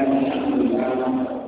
الله والحمد لله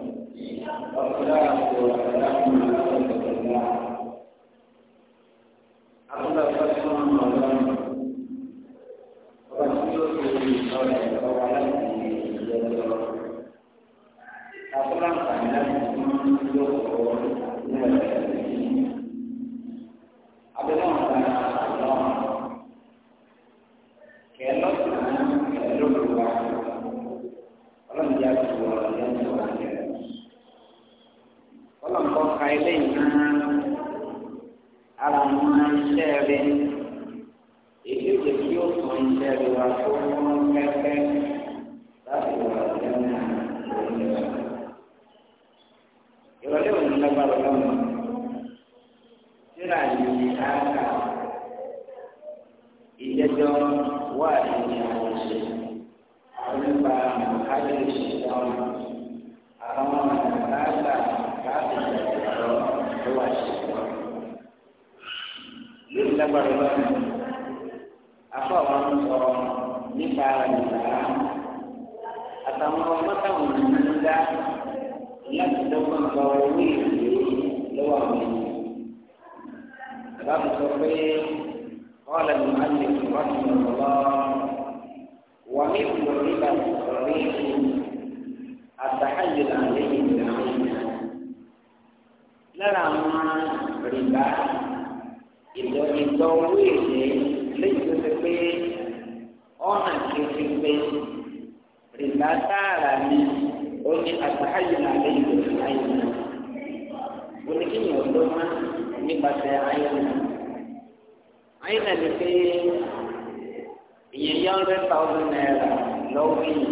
hundred thousand naira lọ́wọ́ yìí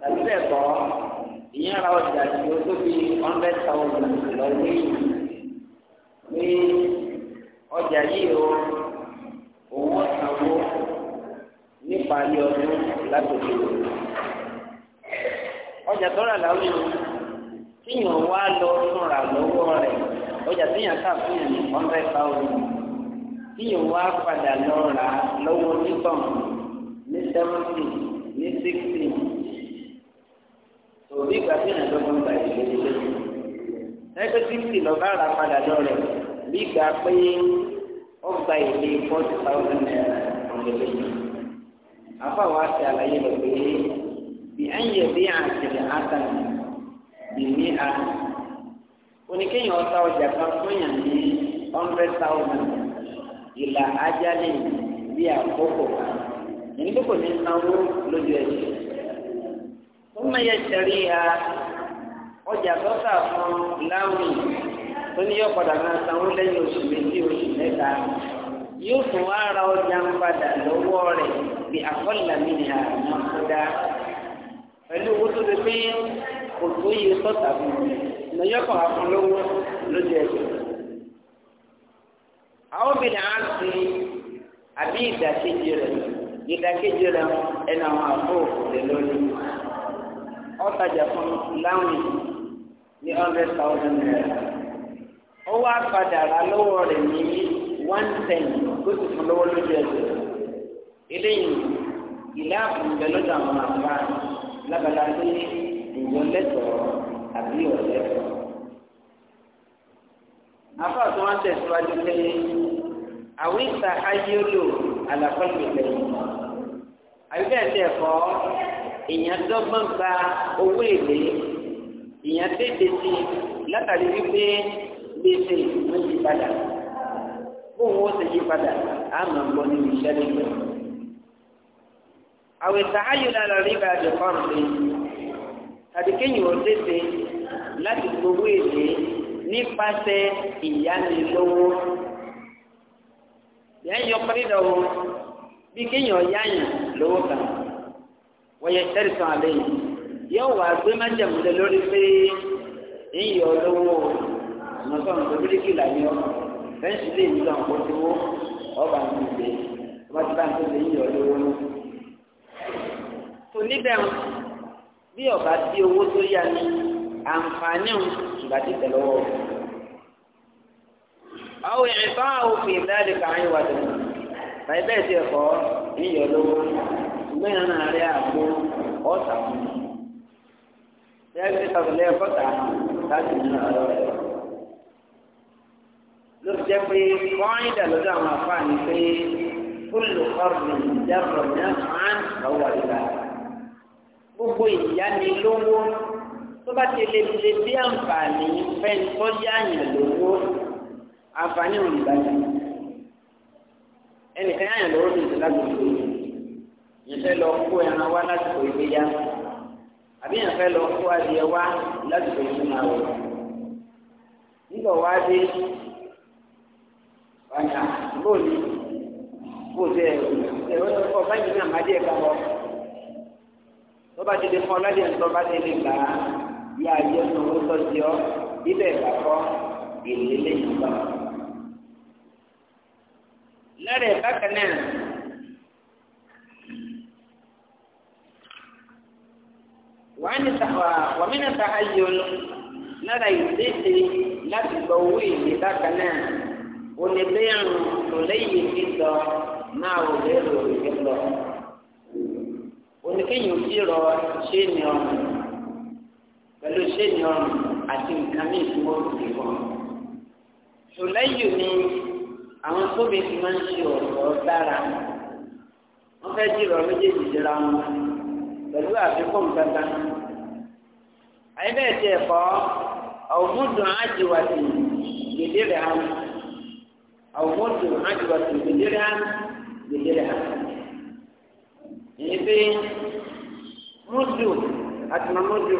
tàbí bẹ́ẹ̀ kọ́ ìyẹn ra ọjà tí ó tó bí hundred thousand lọ́wọ́ yìí pé ọjà yìí o owó sanwó nípa ilé ọdún látòkè ọjà tó rà láwùjọ tíyàn wá lọ fúnra lọ́wọ́ rẹ̀ ọjà tíyàn kà fún yàn ní hundred thousand tí ìwà padà lọ rà lọ́wọ́ onítàn ní seventy ní sixty òbí ìgbà tí ìrìn àdọ́gbọ́n gbà yìí lé lé ẹgbẹ́ sixty lọ́ba rà padà lọ rẹ̀ bí ìgbà pé ọgbà ìlé forty thousand naira ọ̀lẹ́lẹ́ yìí afa wa ti àlàyé lọ pé bí à ń yẹ bí àtẹlẹ àtàn bí ní a oníkéyìn ọta ọjà kan fún yàn ní hundred thousand ìlà ajálè bí àkókò kan ẹni tó kò ní sanwó lójú ẹsẹ̀ fún mẹyẹ sẹrí ha ọjà tọ́ka fún láwìn tó ní yọ padà máa sanwó lẹ́yìn oṣù méjì oṣù mẹ́ta yóò tún wá ra ọjà ń padà lọ́wọ́ rẹ̀ bí àkọ́là mi ní àná kódà pẹ̀lú owó tó ti pín kò tó yẹ sọ́tà fún un lọ́yọ́kọ̀ àfọlọ́wọ́ lójú ẹsẹ̀ àwọn obìnrin á ṣe àbí ìdàkejì rẹ ìdàkejì rẹ ẹnu àwọn àbúrò rẹ lórí ọtajà fún láwìn ní hundred thousand naira ó wá padà rà lọ́wọ́ rẹ̀ ní one ten tó sì fún lọ́wọ́ lójú ẹsẹ̀ eléyìí ìlà àbùnbẹ lọ́dọ̀ àwọn àbúrò lábàlá sí ìwọlẹ́tọ̀ọ́ àbí ọ̀lẹ́tọ̀ọ́ afa tó wọn tẹsíwájú pé àwọn ìta ayé lò àlàfo ìpìlẹ̀ yìí àyùbá ẹsẹ ẹkọ èèyàn dọ́gbọ́n gba owó èlé èèyàn tètè sí látàrí wípé gbèsè ló ti padà bóun ó sì yí padà á máa gbọ́ nínú iṣẹ́ lẹ́yìn àwọn ìta ayé lò àlàrí bá a dẹ̀ fọ́ọ̀rù pé tàbí kéèyàn ó tètè láti gbowó èlé nípasẹ̀ ìyánilówó yẹn yọ pẹ́lẹ́dọ̀ wo bí kéèyàn yáyàn lówó kan wọ́n yẹ tẹ́lifọ̀n àlẹ́ yìí yóò wá gbé májàmúlẹ̀ lórí pé ìyọ̀ lówó mọ̀tọ́n tó bí kìlà ni ọ fẹ́ǹsì lè ní lọ́n kó tó ọba ń gbé ọba tí bá ń tó lè yíyọ̀ lówó lọ. tó níbẹ̀ bí ọba tí owó tó yá ni àǹfààní ìgbà tí tẹ̀ àwọn ìfá òfin ìdáde kà ń wà tó báyìí bẹ́ẹ̀ ti ẹ̀kọ́ ìyọ̀ lówó gbẹ̀yàn náà rí àgbo ọ̀tà bẹ́ẹ̀ ti sọ̀tọ̀lẹ́ ẹ̀kọ́ta láti mú ọ̀rọ̀ rẹ̀ ló jẹ́ pé kọ́ńdà ìdàlódé àwọn àfáàní pé kúlù ọ̀rùn ìjábọ̀ náà máa ń lọ́wọ́ ìlà gbogbo ìyánilówó tó bá ti lè lè bí àǹfààní fẹ́ńtọ́jà yàn lówó àǹfààní òun ìgbàjà ẹnìkan yáyàn lọ́wọ́ ní ìdílé láti ìlú yẹn fẹ́ lọ kó ẹran wá lásìkò ìgbéyà àbí yẹn fẹ́ lọ kó adìẹ wá lásìkò ìgbéyà wọ̀ nígbà wá dé wáyà bóòlù bóòlù ẹ̀ ẹ̀ ọ̀ báyìí ní àmàdí ẹ̀ kà wọ́ lọ́ba ti di fún ọlọ́dẹ ńlọba ti di gbà á yá ayé ọ̀sán owó tó ti ọ́ bíbẹ̀ ìgbà kọ́ ìlélẹ́yìn gbà wọ́n lẹ́rẹ̀ bákan náà wàmínà sàáyọ lára ìdíje láti gba owó ìlú bákan náà oníbẹ̀rù tó lẹ́yìn ìfisọ náà ò lérò ìfisọ oníkéyìn òjìrọ ṣé ni ọrùn pẹ̀lú ṣé ni ọrùn àti nǹkan mìíràn tó wọ́n ni àwọn tóbi ti máa ń ṣe ọ̀rọ̀ dára wọ́n fẹ́ jìrọ̀ méjèèjì jìra wọn pẹ̀lú àfikún kankan. àyẹ̀bẹ̀ tiẹ̀ kọ́ àwòmúdùn ájìwàtì gèdèrè hàn àwòmúdùn ájìwàtì gèdèrè hàn gèdèrè hàn. èyí pé múdù àtìmọ́múdù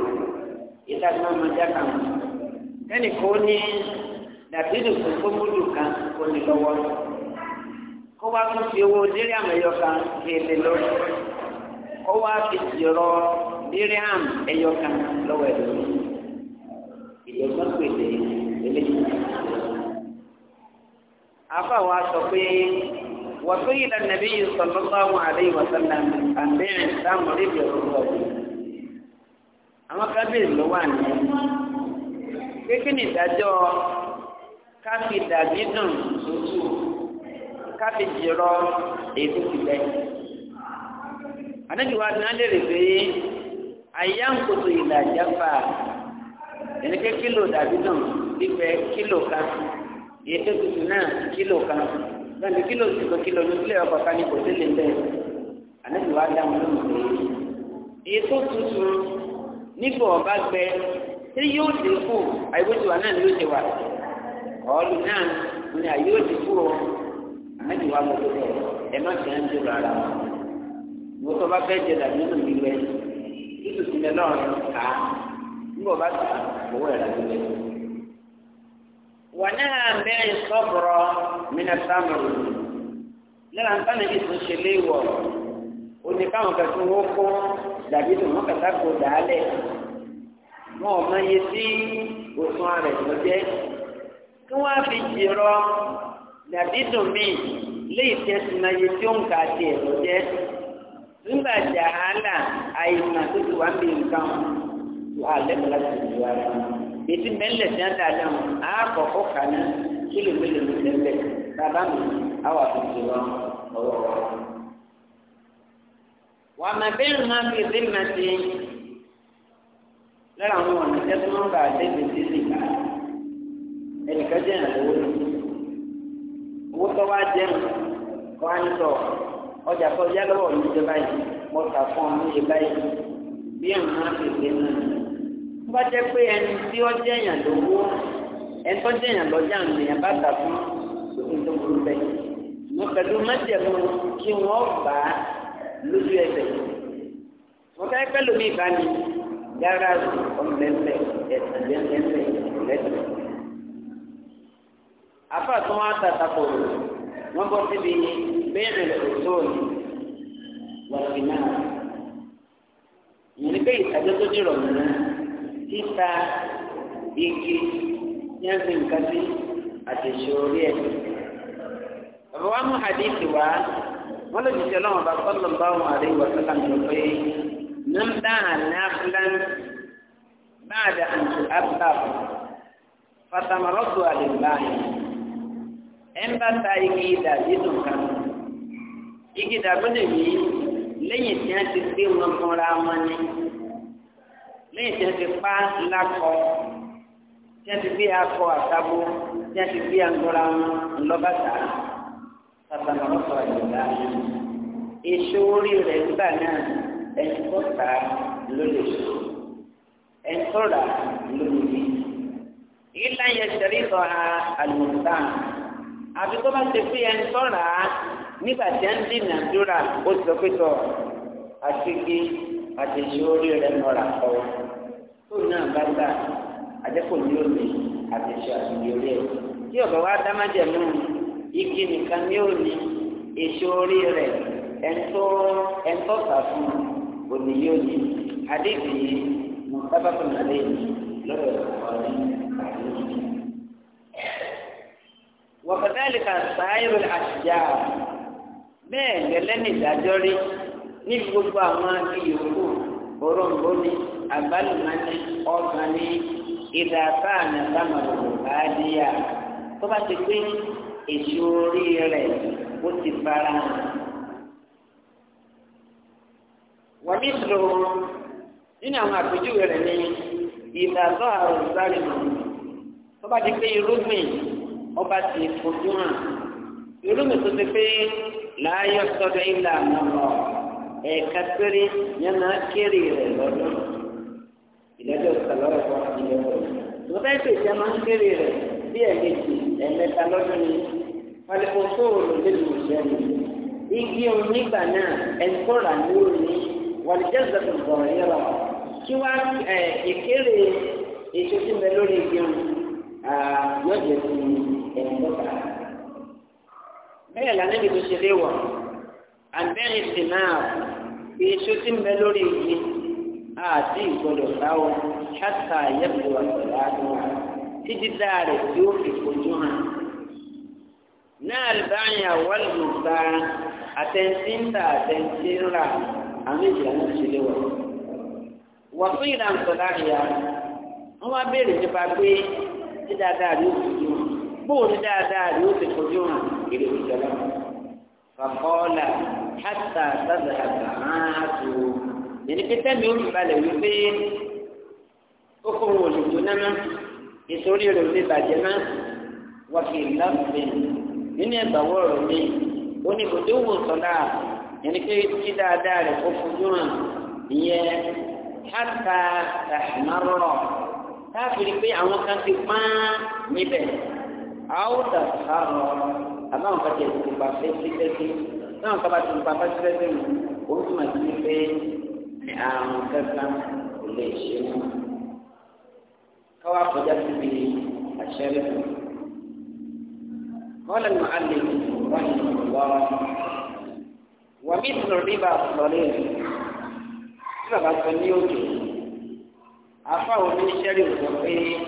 ìtàkùn àmọ́jà kan kẹ́nìkan ó ní. dàbí nìkú kókódù kan kò ní lọ́wọ́ ko wá tún fi owó eyoka àmì lori, kan fi jìrọ dírí àmì ẹyọ kan lọ́wọ́ ẹ̀ pe ìdẹ́gbọ́n pèlè eléyìí. afa wa sọ pé wọ́n tó yìí lẹ́nu nàbí yìí sọ lọ́sọ̀ àwọn àlẹ́ ìwọ̀sánná àbẹ́ káfí dàbí dùn tútù káfí jìrọ ètò ìbẹ. ànábì wa dùn alẹ́ rẹ̀ pé àyà ń kótó ìlàjà fà ẹnikẹ́ kílò dàbí dùn fífẹ́ kílò kan ètò tútù náà kílò kan lọ́nà kílò tìkọ̀ kílò ní ilé ọkọ̀ kan ní kò sí lè bẹ́ẹ̀ ànábì wa dá wọn lóhùn pé ètò tútù nígbà ọba gbẹ ṣé yóò dínkù àìwéjìwá náà ni yóò ṣe wà ọ̀ọ́lù náà wọn ni àyè òsì kúrò àmẹ́jì wa lọ lọ́wọ́ ẹ má fi hàn jùlọ ara wọn. ìwọ tó bá fẹ́ jẹ dàbí nínú mi rẹ títù sílẹ̀ náà rẹ kà á nígbà bá tà owó ẹ̀ lọ́wọ́ rẹ. wọn náà bẹ́ẹ̀ sọ́bùrọ̀ mínà sámúrù lára nǹkan náà yìí tún ṣe léèwọ̀ òní káwọn kẹsàn-án wọ́n dàbí tó wọn kẹsàn kó dàálẹ̀ wọn ò mọ iye tí òsùn ara ẹ̀ kí wọ́n fi jìrọ dàbí dùn mí léyìí tẹ́ ti máa tí ó ń ka àti ẹ̀rọ jẹ́ nígbà jàhálà àyìnbá tó ti wà ń bí nǹkan wà lẹ́nu láti ìlú ara ètí mẹ́lẹ̀ tí wọ́n dáadáa wọn ní bàbá mi wa. bẹ́ẹ̀ fi àwọn ọ̀nà tẹ́tí wọn bá a tẹ́tí ẹnìkan jẹ́ ìrànlọ́wọ́ ní owó tó wá jẹun kó á ní sọ ọjà tó yá lọ́wọ́ mi jẹ báyìí mo tà fún ọ níye báyìí bí ẹ̀rùn náà ti gbé náà tó bá jẹ́ pé ẹni tí ó jẹ́ ìrànlọ́wọ́ ẹni tó jẹ́ ìrànlọ́jà nìyẹn bá tà fún lókun tó burú bẹ́ẹ̀ mo pẹ̀lú májẹ̀mú kí wọ́n bá lójú ẹsẹ̀ mo fẹ́ pẹ́ lómi ìbáni yàrá ọmọ ẹ̀fẹ̀ ẹ̀sẹ̀ ẹ̀sẹ̀ ẹ̀sẹ̀ afa tó wọn tata kò wọn bọ síbi bẹ́ẹ̀ lè sóòlù wọn fi náà ìyẹn pé ìtajà tó dìrọ̀ nínú títa igi yẹn fi nǹkan sí àtẹ̀sọ orí ẹ̀. bàbá wa mú hadithi wá wọn lè jìjẹ lọ́wọ́ bá sọ́lọ́ bá wọn àrí wà sọ́lá mi pé nígbà ànáfúlán bá a dà àǹtí àbúrò fàtàmọ́rọ́tò àdìgbà yìí ẹ ń bá ta igi ìdà nínú kan igi ìdà gbọ́dọ̀ yìí lẹ́yìn tí wọ́n ti gbé wọn fúnra wọn ni lẹ́yìn tí wọ́n ti pa lakọ tí wọ́n ti gbé akọ àtàbó tí wọ́n ti gbé agbóra wọn ńlọ́bàtà sàtàmà ọ̀sọ̀ àjọ̀dá èso orí rẹ̀ nígbà náà ẹ̀ńtọ́ ló lè so ẹ̀ńtọ́ ló lè yí. ìlànà ìṣẹ̀rí sọ̀ha àlùmọ̀tàn àbí tó bá ṣe fi ẹni sọ́ra nígbà tí a ń dín nàìjíríà ó ti sọ pé tọ àṣegé àtẹ̀yìn orí rẹ̀ mọ́ra kọ́ tó náà bá gbà àjẹkù ní òní àtẹ̀yìn àtẹ̀yìn orí rẹ̀ tí ọ̀gá wa dámájẹ̀mú igi nìkan ní òní èso orí rẹ̀ ẹ̀ńtọ́ ẹ̀ńtọ́ sàfún òní yóò ní mọ̀ sábà tó nàlẹ́ yìí lọ́dọ̀ ọ̀rẹ́ yìí. وكذلك سائر الأشجار bẹ́ẹ̀ lẹ́lẹ́ni ìdájọ́ rí ní gbogbo àwọn ìyókù òróǹbó ni àbálùmọ́ni ọ̀gbọ́n ní ìdàpá ànàbàmọ̀ òbáàdíyà tó bá ti pé èso orí rẹ̀ ó ti fara hàn. wọ́n nínú àwọn àpèjúwe rẹ̀ ní ìdàpá àrùn sáré ti pé irúgbìn ọba ti fojú hàn irúmi tó ti pé láàyò sọ́dọ̀ ilà mọlọ ẹ̀ka péré yẹn náà kéré rẹ lọ́dún ìlẹ́jọ́ sàlọrọ kọ ilé wọn tó bá ètò ìjà máa ń kéré rẹ bí ẹ̀ẹ̀mejì ẹ̀ẹ̀mẹ́ta lọ́dún ni paliposo olùdíje òṣèlú igi onígbà náà ẹnkọlà ní òní wàlíjẹ́ zẹ̀kùn bọ̀rọ̀ yẹlọ kí wá ẹ̀ ìkéré èso tí mẹ lórí igi yọjẹ fún mi ẹni tó ta. bẹ́ẹ̀ lànà ìdìbò ṣe lé wọ̀ àbẹ́rẹ́ sì náà fi iṣu tí ń bẹ lórí igi àti ìgbọdọ̀ sáwọ́ ṣáṣà yẹ̀pẹ̀ wà pẹ̀lú àdúrà títí dáa rẹ̀ tí ó fi kojú hàn. náà báyà wọ́lùmù gba àtẹ̀ǹtì ń ta àtẹ̀ǹtì ń rà àmì ìlànà ṣe lé wọ̀. wọ́n fún ìlànà sọ̀dá rẹ̀ wọ́n wá béèrè nípa pé tí dáadáa rí òkú bóòlù dáadáa rí ó ti fojú hàn kiri ìjọba fàkọọlà hàtà sàdàdà máa tó yẹni pété mi ò balẹ̀ wípé ó kó wọn òdòdó náà ìtòrí rẹ̀ ò lè bàjẹ́ náà wákì láàbùmí nínú ẹ̀gbàwọ́ ọ̀rọ̀ mi ó ní kòtò wò sọ́lá yẹni pé dáadáa rẹ̀ ó fojú hàn ìyẹn hàtà sàmárọ̀ káfíìrì pé àwọn kan ti pán níbẹ̀ àwòdà àrùn àbáwọn kàtẹ ìgbà fẹsifẹsi náà kaba ti ìgbà fẹsifẹsi mu o tún ma ti pé ní àrùn kankan kò lè ṣe mu káwá kọjá síbi àṣẹrẹ mu. قال المعلم رحمه الله ومثل الربا الصغير ربا صنيوتي أفاو من شر الصغير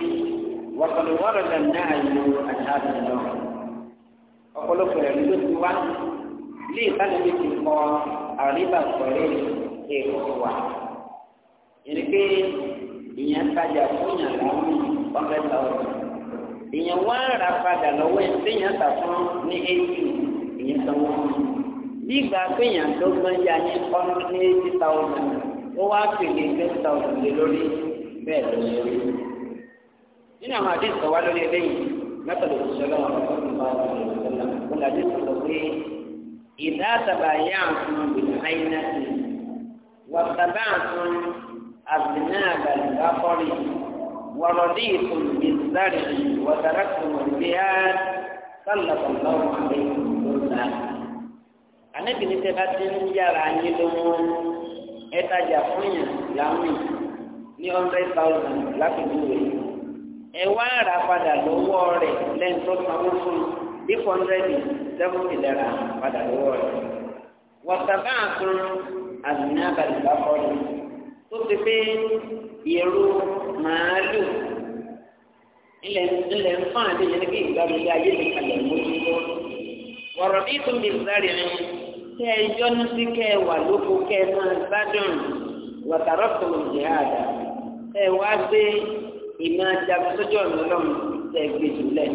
وقد ورد النهي عن هذا النوع ọ̀pọ̀lọpọ̀ ẹ̀rí ló ti wá ilé ìbánilé ti kọ àríwá pẹ̀lú èèkọ̀ wa ìrìkè ìyẹn tajà fún yàn láwọn ọ̀fẹ́ ta ọ̀rọ̀ ìyẹn wá ra padà lọ́wọ́ ẹ̀ tí yàn tà fún ní eighty ìyẹn sanwó fún un bí ìgbà pé yàn tó gbọ́n ya ní ọdún ní eighty thousand ó wá pèlè twenty thousand lé lórí bẹ́ẹ̀ lórí nínú àwọn àdéhùn kan wá lórí eléyìí mẹ́tàlá òṣìṣẹ́lá wọn fún ìgbà ìṣẹ̀lẹ̀ wọn làdé sọ pé ìdá àtàbà yá àwọn ìlà àyínà sí wàtàbà àwọn àbìnà àgbàlùbá kọ́rì wọ̀rọ̀dí ìtùn ìzárì wàtàràkùn ìgbéyà sálàbà lọ́wọ́ àbẹ́yìn lọ́sà. ànábìnrin tẹ́ bá ti ń yára yín lọ́wọ́ ẹ̀tajà fún yàn láwìn ní hundred thousand lápẹ̀lú rẹ̀ ẹ wá rà padà lọ́wọ́ rẹ̀ lẹ́yìn tó sanwó fún bí kọ́ńdẹ́ẹ̀dì sẹ́fúnì lẹ́ra padà lọ́wọ́ rẹ̀. wọ́sàbá kan àdúnyá balùwà kọ́ni tó ti pé ìrù màálù ilẹ̀ ilẹ̀ ń fún àdéhùn ní kí ìgbàlù ilé ayé mi kalẹ̀ mójútó. wọ̀rọ̀ bí tún bí sáré ni kẹ́ ẹ yọnu sí kẹ́ ẹ wà lóko kẹ́ ẹ máa gbádùn wọ̀tàrọ̀ tó ń jẹ́ àdá. ẹ wá gbé ìmọ̀ ajagunlójú ọ̀nà ọlọ́run tẹ gbèjì lẹ̀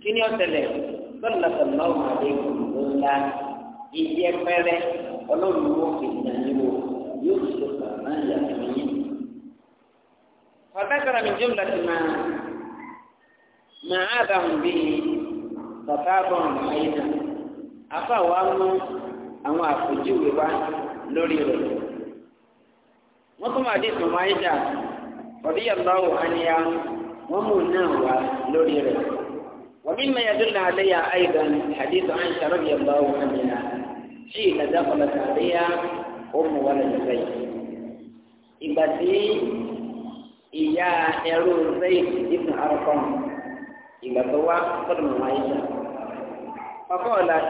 kí ni ọ̀tẹlẹ̀ sọ́nà sọ̀nà ọ̀hún àdéhùn ńlá ìyẹ́ pẹ́rẹ́ ọlọ́run wọ́n fi nà níwò yóò fi tó sàmà ìyàtọ̀ yìí. فذكر من جملة ما معاذهم به تتابعهم أيضا أفاو أمو àwọn àpèjúwe wa lórí rẹ̀ wọ́n tún máa dé ìtàn wáyé jà رضي الله عنها mú náà ومما يدل عليها أيضا حديث عائشة رضي الله عنها حين دخلت عليها أم ولد زيد إبتي إيا إرو زيد بن أرقم إبتوا قدم عائشة فقالت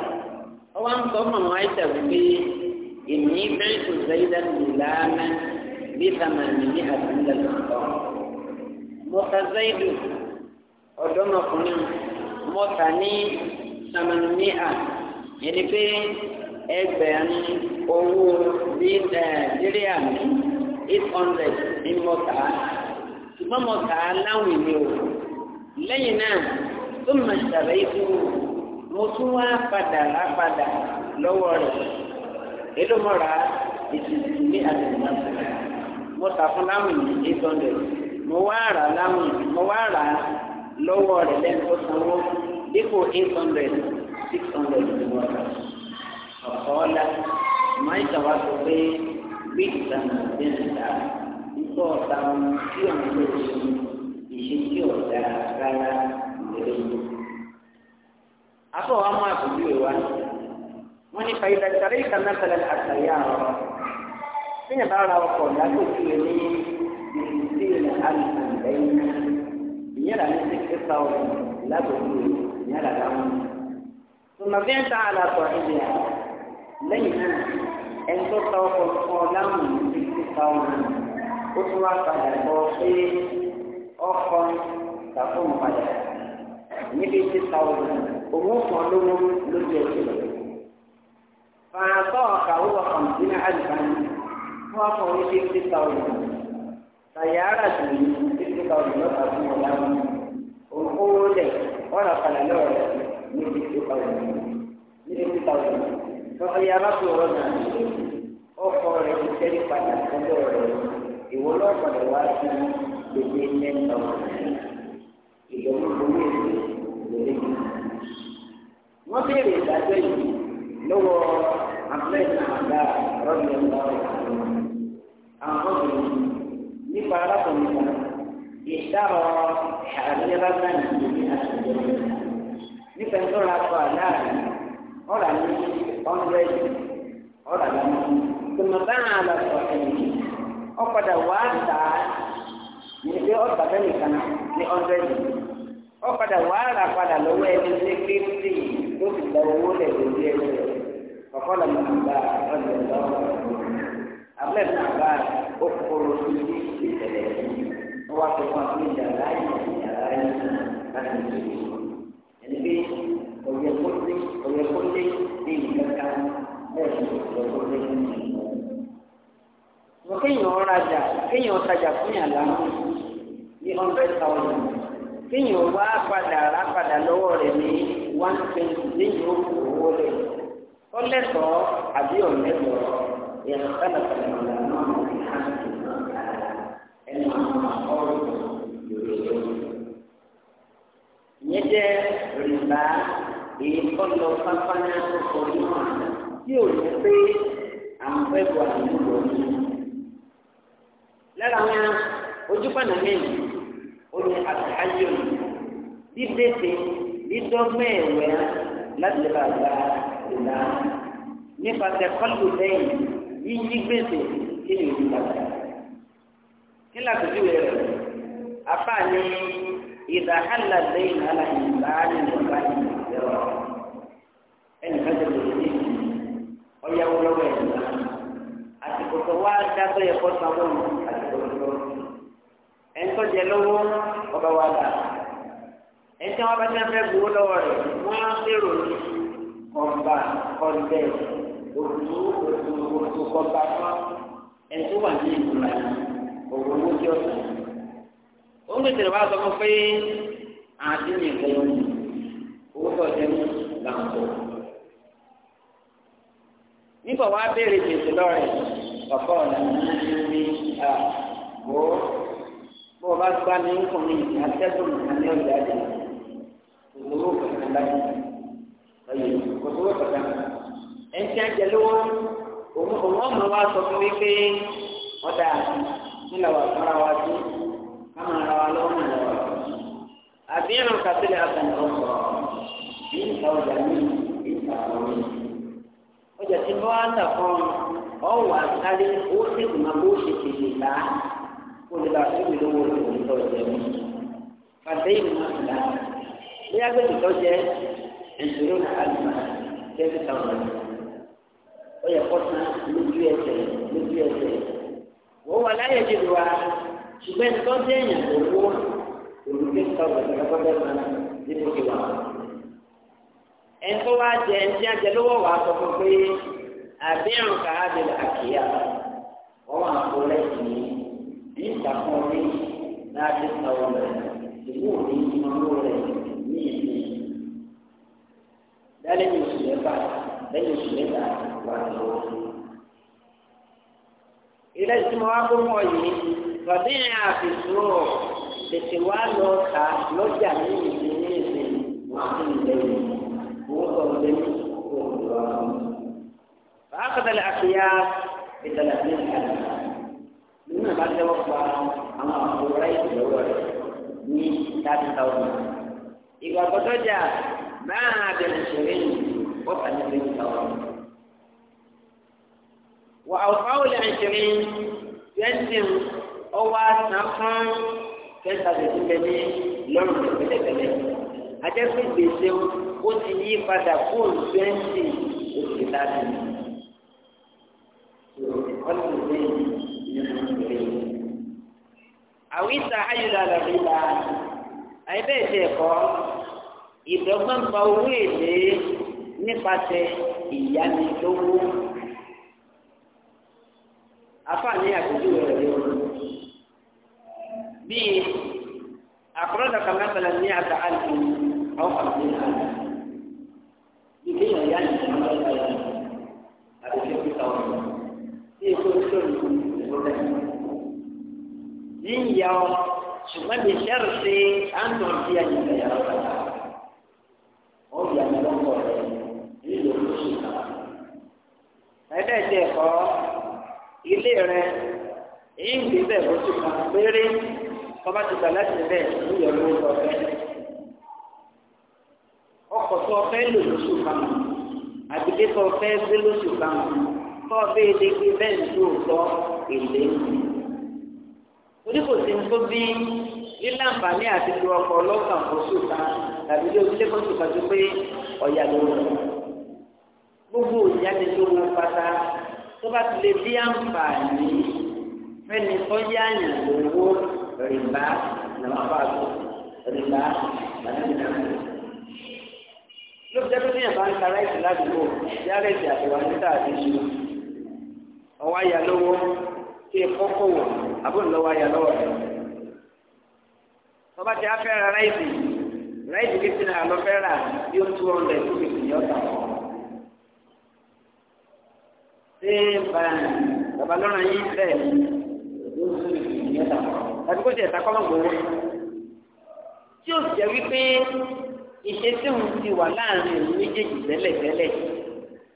وأنت أم عائشة بي إني بعت زيدا من بثمانمائة من الأنصار موسى زيد أدوم أخونا موسى ني ثمانمائة يعني في ẹgbẹ̀rún owó díríàmì eight hundred ní mọ́tà ṣùgbọ́n mọ́tà láwìn ni o lẹ́yìn náà tó mọ̀ ṣàlàyé ìṣòro mo tún wá padà rà lọ́wọ́ rẹ̀ èló mọ́ra ní àtẹ̀yìnbá mo tà fún láwìn ní eight hundred mo wá rà láwìn mo wá rà lọ́wọ́ rẹ̀ lẹ́nu tó sanwó dípò eight hundred six hundred ní wọ́n rà ọ̀pọ̀ ọ̀la màá ìtàwá sọ pé bí ìtànà bí ìta nígbà ọ̀tá wọn tí òun lè ṣe ìṣe tí ọ̀dà rárá ìrẹ̀lẹ̀ afọ wa máa bùjú ìwà wọn ní fàyídà tàrí ìkànnà tẹlẹ àtàyà ọ̀rọ̀ tíyẹn bá ra ọkọ̀ ìyájọ́ òkúlẹ̀ ní ìrísí ilẹ̀ àlùkò lẹ́yìn ìyẹn rà ní sixty thousand lágbègbè ìyẹn rà dáhùn. tòmọ̀fẹ́ ń ta àlàkọ̀ ìdí à lẹ́yìn náà ẹni tó ta ọkọ̀ fún ọ láwọn ní sixty thousand ó tún wá padà bọ́ pé ọkọ̀ ìtàkùn padà níbi sixty thousand òun kan lówó lójú ẹsẹ̀ rẹ̀. fàáfọ́ ọ̀kà owó ọkọ̀ ìdí náà àlùkò wọ́n á kọ̀ wí sí fifty thousand tàyàrá tó yí fifty thousand lọ́ta fún ọ̀la wọn òǹkóró lẹ̀ wọ́n rà kalẹ̀ lọ́rọ̀ rẹ̀ ní fifty thousand ní fifty thousand lọ́kọ̀ yà má tó rọ̀ náà ọkọ̀ rẹ̀ ti tẹ́lẹ̀ padà sọ́dọ̀ rẹ̀ ìwọ lọ́kọ̀dẹ̀ wá sí gbèdé ten thousand ìdọ̀wọ́ lórí èdè lórí wọ́n béèrè ìdájọ́ yìí lọ́wọ́ ahmed nàdà rọ́bìnrin lọ́wọ́ الرجل نبقى لكم مثلا اشترى حريرة بمئة جنيه نبقى نقول لك لا ولا نقول ولا ثم باع على صاحبه وقد واسع من في أربعة كان لأنزل ọ̀padà wàhálà padà lọ́wọ́ ẹni ní kéèké tó ti gba owó lẹ̀ lórí ẹ̀rọ ọ̀kọ́lá màmá ọ̀dọ̀ lọ́wọ́ abẹ́ nàbà okòrò ní ìṣẹ̀lẹ̀ yìí wọ́n wá pé wọ́n fi yàrá yìí yàrá yìí láti ní ìṣẹ̀lẹ̀ ẹni pé òyẹ̀kọ́lé òyẹ̀kọ́lé ní ìkẹta bẹ́ẹ̀ ni òyẹ̀kọ́lé ní ìṣẹ̀lẹ̀. mo kéèyàn rajà kéèyàn tajà fún yàrá ní hundred thousand kéèyàn wá padà rà padà lọ́wọ́ rẹ̀ ní one twenty ní ìyókù owó rẹ̀ ó lẹ́tọ̀ọ́ àbí ọ̀lẹ́tọ̀ọ́ yang kalah dengan ulama dan hati ini nama orang yuridu nyeje rimba di kondo papanya kolima yóò ní pé àwọn fẹ́ bu àwọn ìlú òní lára wọn ojúbọ̀nà mẹ́rin ó ní àtàyò dídèsè dídọ́gbẹ̀ẹ̀wẹ̀ láti bàbá ìlà nípasẹ̀ kọ́lù lẹ́yìn yíyí gbèsè kí ni òbí padà kí làkùjú rẹ̀ apá ní ìdáhàlà lẹ́yìn àlà ìdáhàlì ìjọba ìjọba ẹnì kan tó lè ní ọyáwó lọ́wọ́ ẹ̀ nígbà àsìkò tó wá dábẹ́ ẹ̀kọ́ sanwó àsìkò tó lọ ẹ̀ńtọ́ jẹ lọ́wọ́ ọba wa dà ẹ̀ńtọ́ wọn bá tẹ́ fẹ́ gbowó lọ́wọ́ rẹ̀ wọ́n á lérò ní kọ̀ǹba kọ̀ǹdẹ́ẹ̀. òtù òtù kọba mọ́ ẹ̀tọ́ wà ní ìtura yìí òwò owó tí ó ó ń tètè wá sọ fún pé àti ní ìfẹ́ yìí owó tó jẹ́ ní làǹtọ̀. nígbà wàá béèrè gbèsè lọ́rẹ̀ ọ̀pọ̀ ọ̀nà ní bó o bá ní àti ọ̀gá jẹ òwò láyé ẹtí ajẹ lówó òun ọmọ wa sọ fún mi pé ọ̀dà nílò wà fúnra wa sí káwọn ara wa lọ́wọ́ nílò wà àbí ẹ̀rọ kàtẹ́lẹ̀ àtàlẹ́ ọ̀sọ̀ yìí ń ta ọjà ní ìta ọ̀rọ̀ ọjà tí wọ́n á tà fún ọ̀wà sáré ó sì kùnà bó ṣe tètè ta kó lè bá fún mi lówó lòdì tó jẹ mí kàtẹ́ ìlú máa ń ta bí agbẹ́tùtọ́ jẹ ìṣòro náà á lè máa jẹ́ bí táwọn ọ̀rọ̀ ó yẹ kó tán lójú ẹsẹ̀ lójú ẹsẹ̀ wọ́n wà láyé jìnnà wa ṣùgbọ́n ẹni tó dé èèyàn tó wó olùgbé sọ̀rọ̀ ìgbàgbọ́dọ̀ kan nínú ìwà ẹni tó wá jẹ ẹni a jẹ lówó wà á sọ fún pé àbẹ̀rùn káàbì àkìyà wọ́n wà kó lẹ́sìn bí ìtàkùn rí láti sọ̀rọ̀ rẹ̀ ìwú òní ìmọ̀lú rẹ̀ ní ìlú. Dálé ní oṣù mẹ́fà lẹ́yìn oṣù mẹ́ta ilé ìtumọ̀ wa kó mọ̀ yìí bàbí yẹn àfìsúrò tètè wá lọ kà lọ́jà ní ìlú ní ìlú wọn sì ń lé wọn kọ̀ lé ní òkú wa. فأخذ الأخيار بثلاثين ألف من بعد وقع أما أخوري دور ní thirty thousand ìgbàgbọ́dọ́jà máa bẹ̀rẹ̀ ṣẹ̀rẹ̀ ní wọ́n fà ní twenty thousand wà áwòlẹ̀ àjẹrí twenty ọwọ́ àtàn fún kẹtàlélẹ́gbẹ̀ ní lọ́rùn tẹ́lẹ̀tẹ́lẹ̀ àjẹpẹ́ gbèsè ó ti yí padà fóònù twenty oṣù láti ọdún lẹ́yìn ìyẹn lẹ́yìn. àwíta ayélujára lọ́dún ìlà àyẹ̀bẹ̀ ìṣẹ̀ ẹ̀kọ́ ìdọ́gbọ́n gba owó èlé nípasẹ̀ ìyánilówó àfààní àpèjúwe rẹ̀ ni wọn. bíi àkọ́rọ́dà kan mẹ́tàlá ní àgbà àlùkò àwọn àti àlùkò ìdí ìyàn yá ní ìlú ọ̀gá yá àti fífi táwọn tí èso tó ní ìlú rẹ̀. ní ìyá ọ ṣùgbọ́n lè ṣẹ́rù sí àǹtọ̀ sí àyíká yàrá ọ̀gá. wọ́n bí àmì lọ́kọ̀ rẹ̀ nílò oṣù kan. ẹ̀ẹ́dẹ́gbẹ̀ẹ́ kọ́ ilé rẹ èyí ń gbé bẹ́ẹ̀ lóṣù kan péré bàbá ti gbà láti bẹ́ẹ̀ ní ìyọ̀lú ọ̀fẹ́. ọkọ̀ tó ọfẹ́ lò lóṣù kan àdìgbé tó ọfẹ́ gbé lóṣù kan tó ọfẹ́ ilé gbé bẹ́ẹ̀ ní lóòótọ́ èlé. torí kò sí tó bí nílá àǹfààní àti lu ọkọ̀ ọlọ́kàn oṣù kan tàbí ilé onílé kóṣù kan tó pé ọ̀yà ló rẹ̀. gbogbo òyìnbó ti lówó pátá tó bá ti lè bí àǹfààní fẹ́ni tó yáàyàn lówó rìbá làwọn bá tó rìbá làwọn bá tó. lóòótọ́ tó ní ẹ̀fà ń tara ìsìn ládùúgbò yálà ìsìn àtẹ̀wà níta àti ìṣú ọwọ́ ayà lówó tí ẹ kọ́kọ́ wò àbúrò lọ́wọ́ ayà lọ́wọ́ rẹ̀. tó bá ti á fẹ́ ra ráìsì ráìsì fífi náà lọ fẹ́ rà tú ọ̀rọ̀ rẹ̀ tó fi tìyọ́ tà ṣé bàbá lọ́nà yín bẹ́ẹ̀ tàbí kó tiẹ̀ ta kọ́mọ̀ gbowó tí ó jẹ́ wípé ìṣesí òun ti wà láàrin ìlú méjèèjì tẹ́lẹ̀tẹ́lẹ̀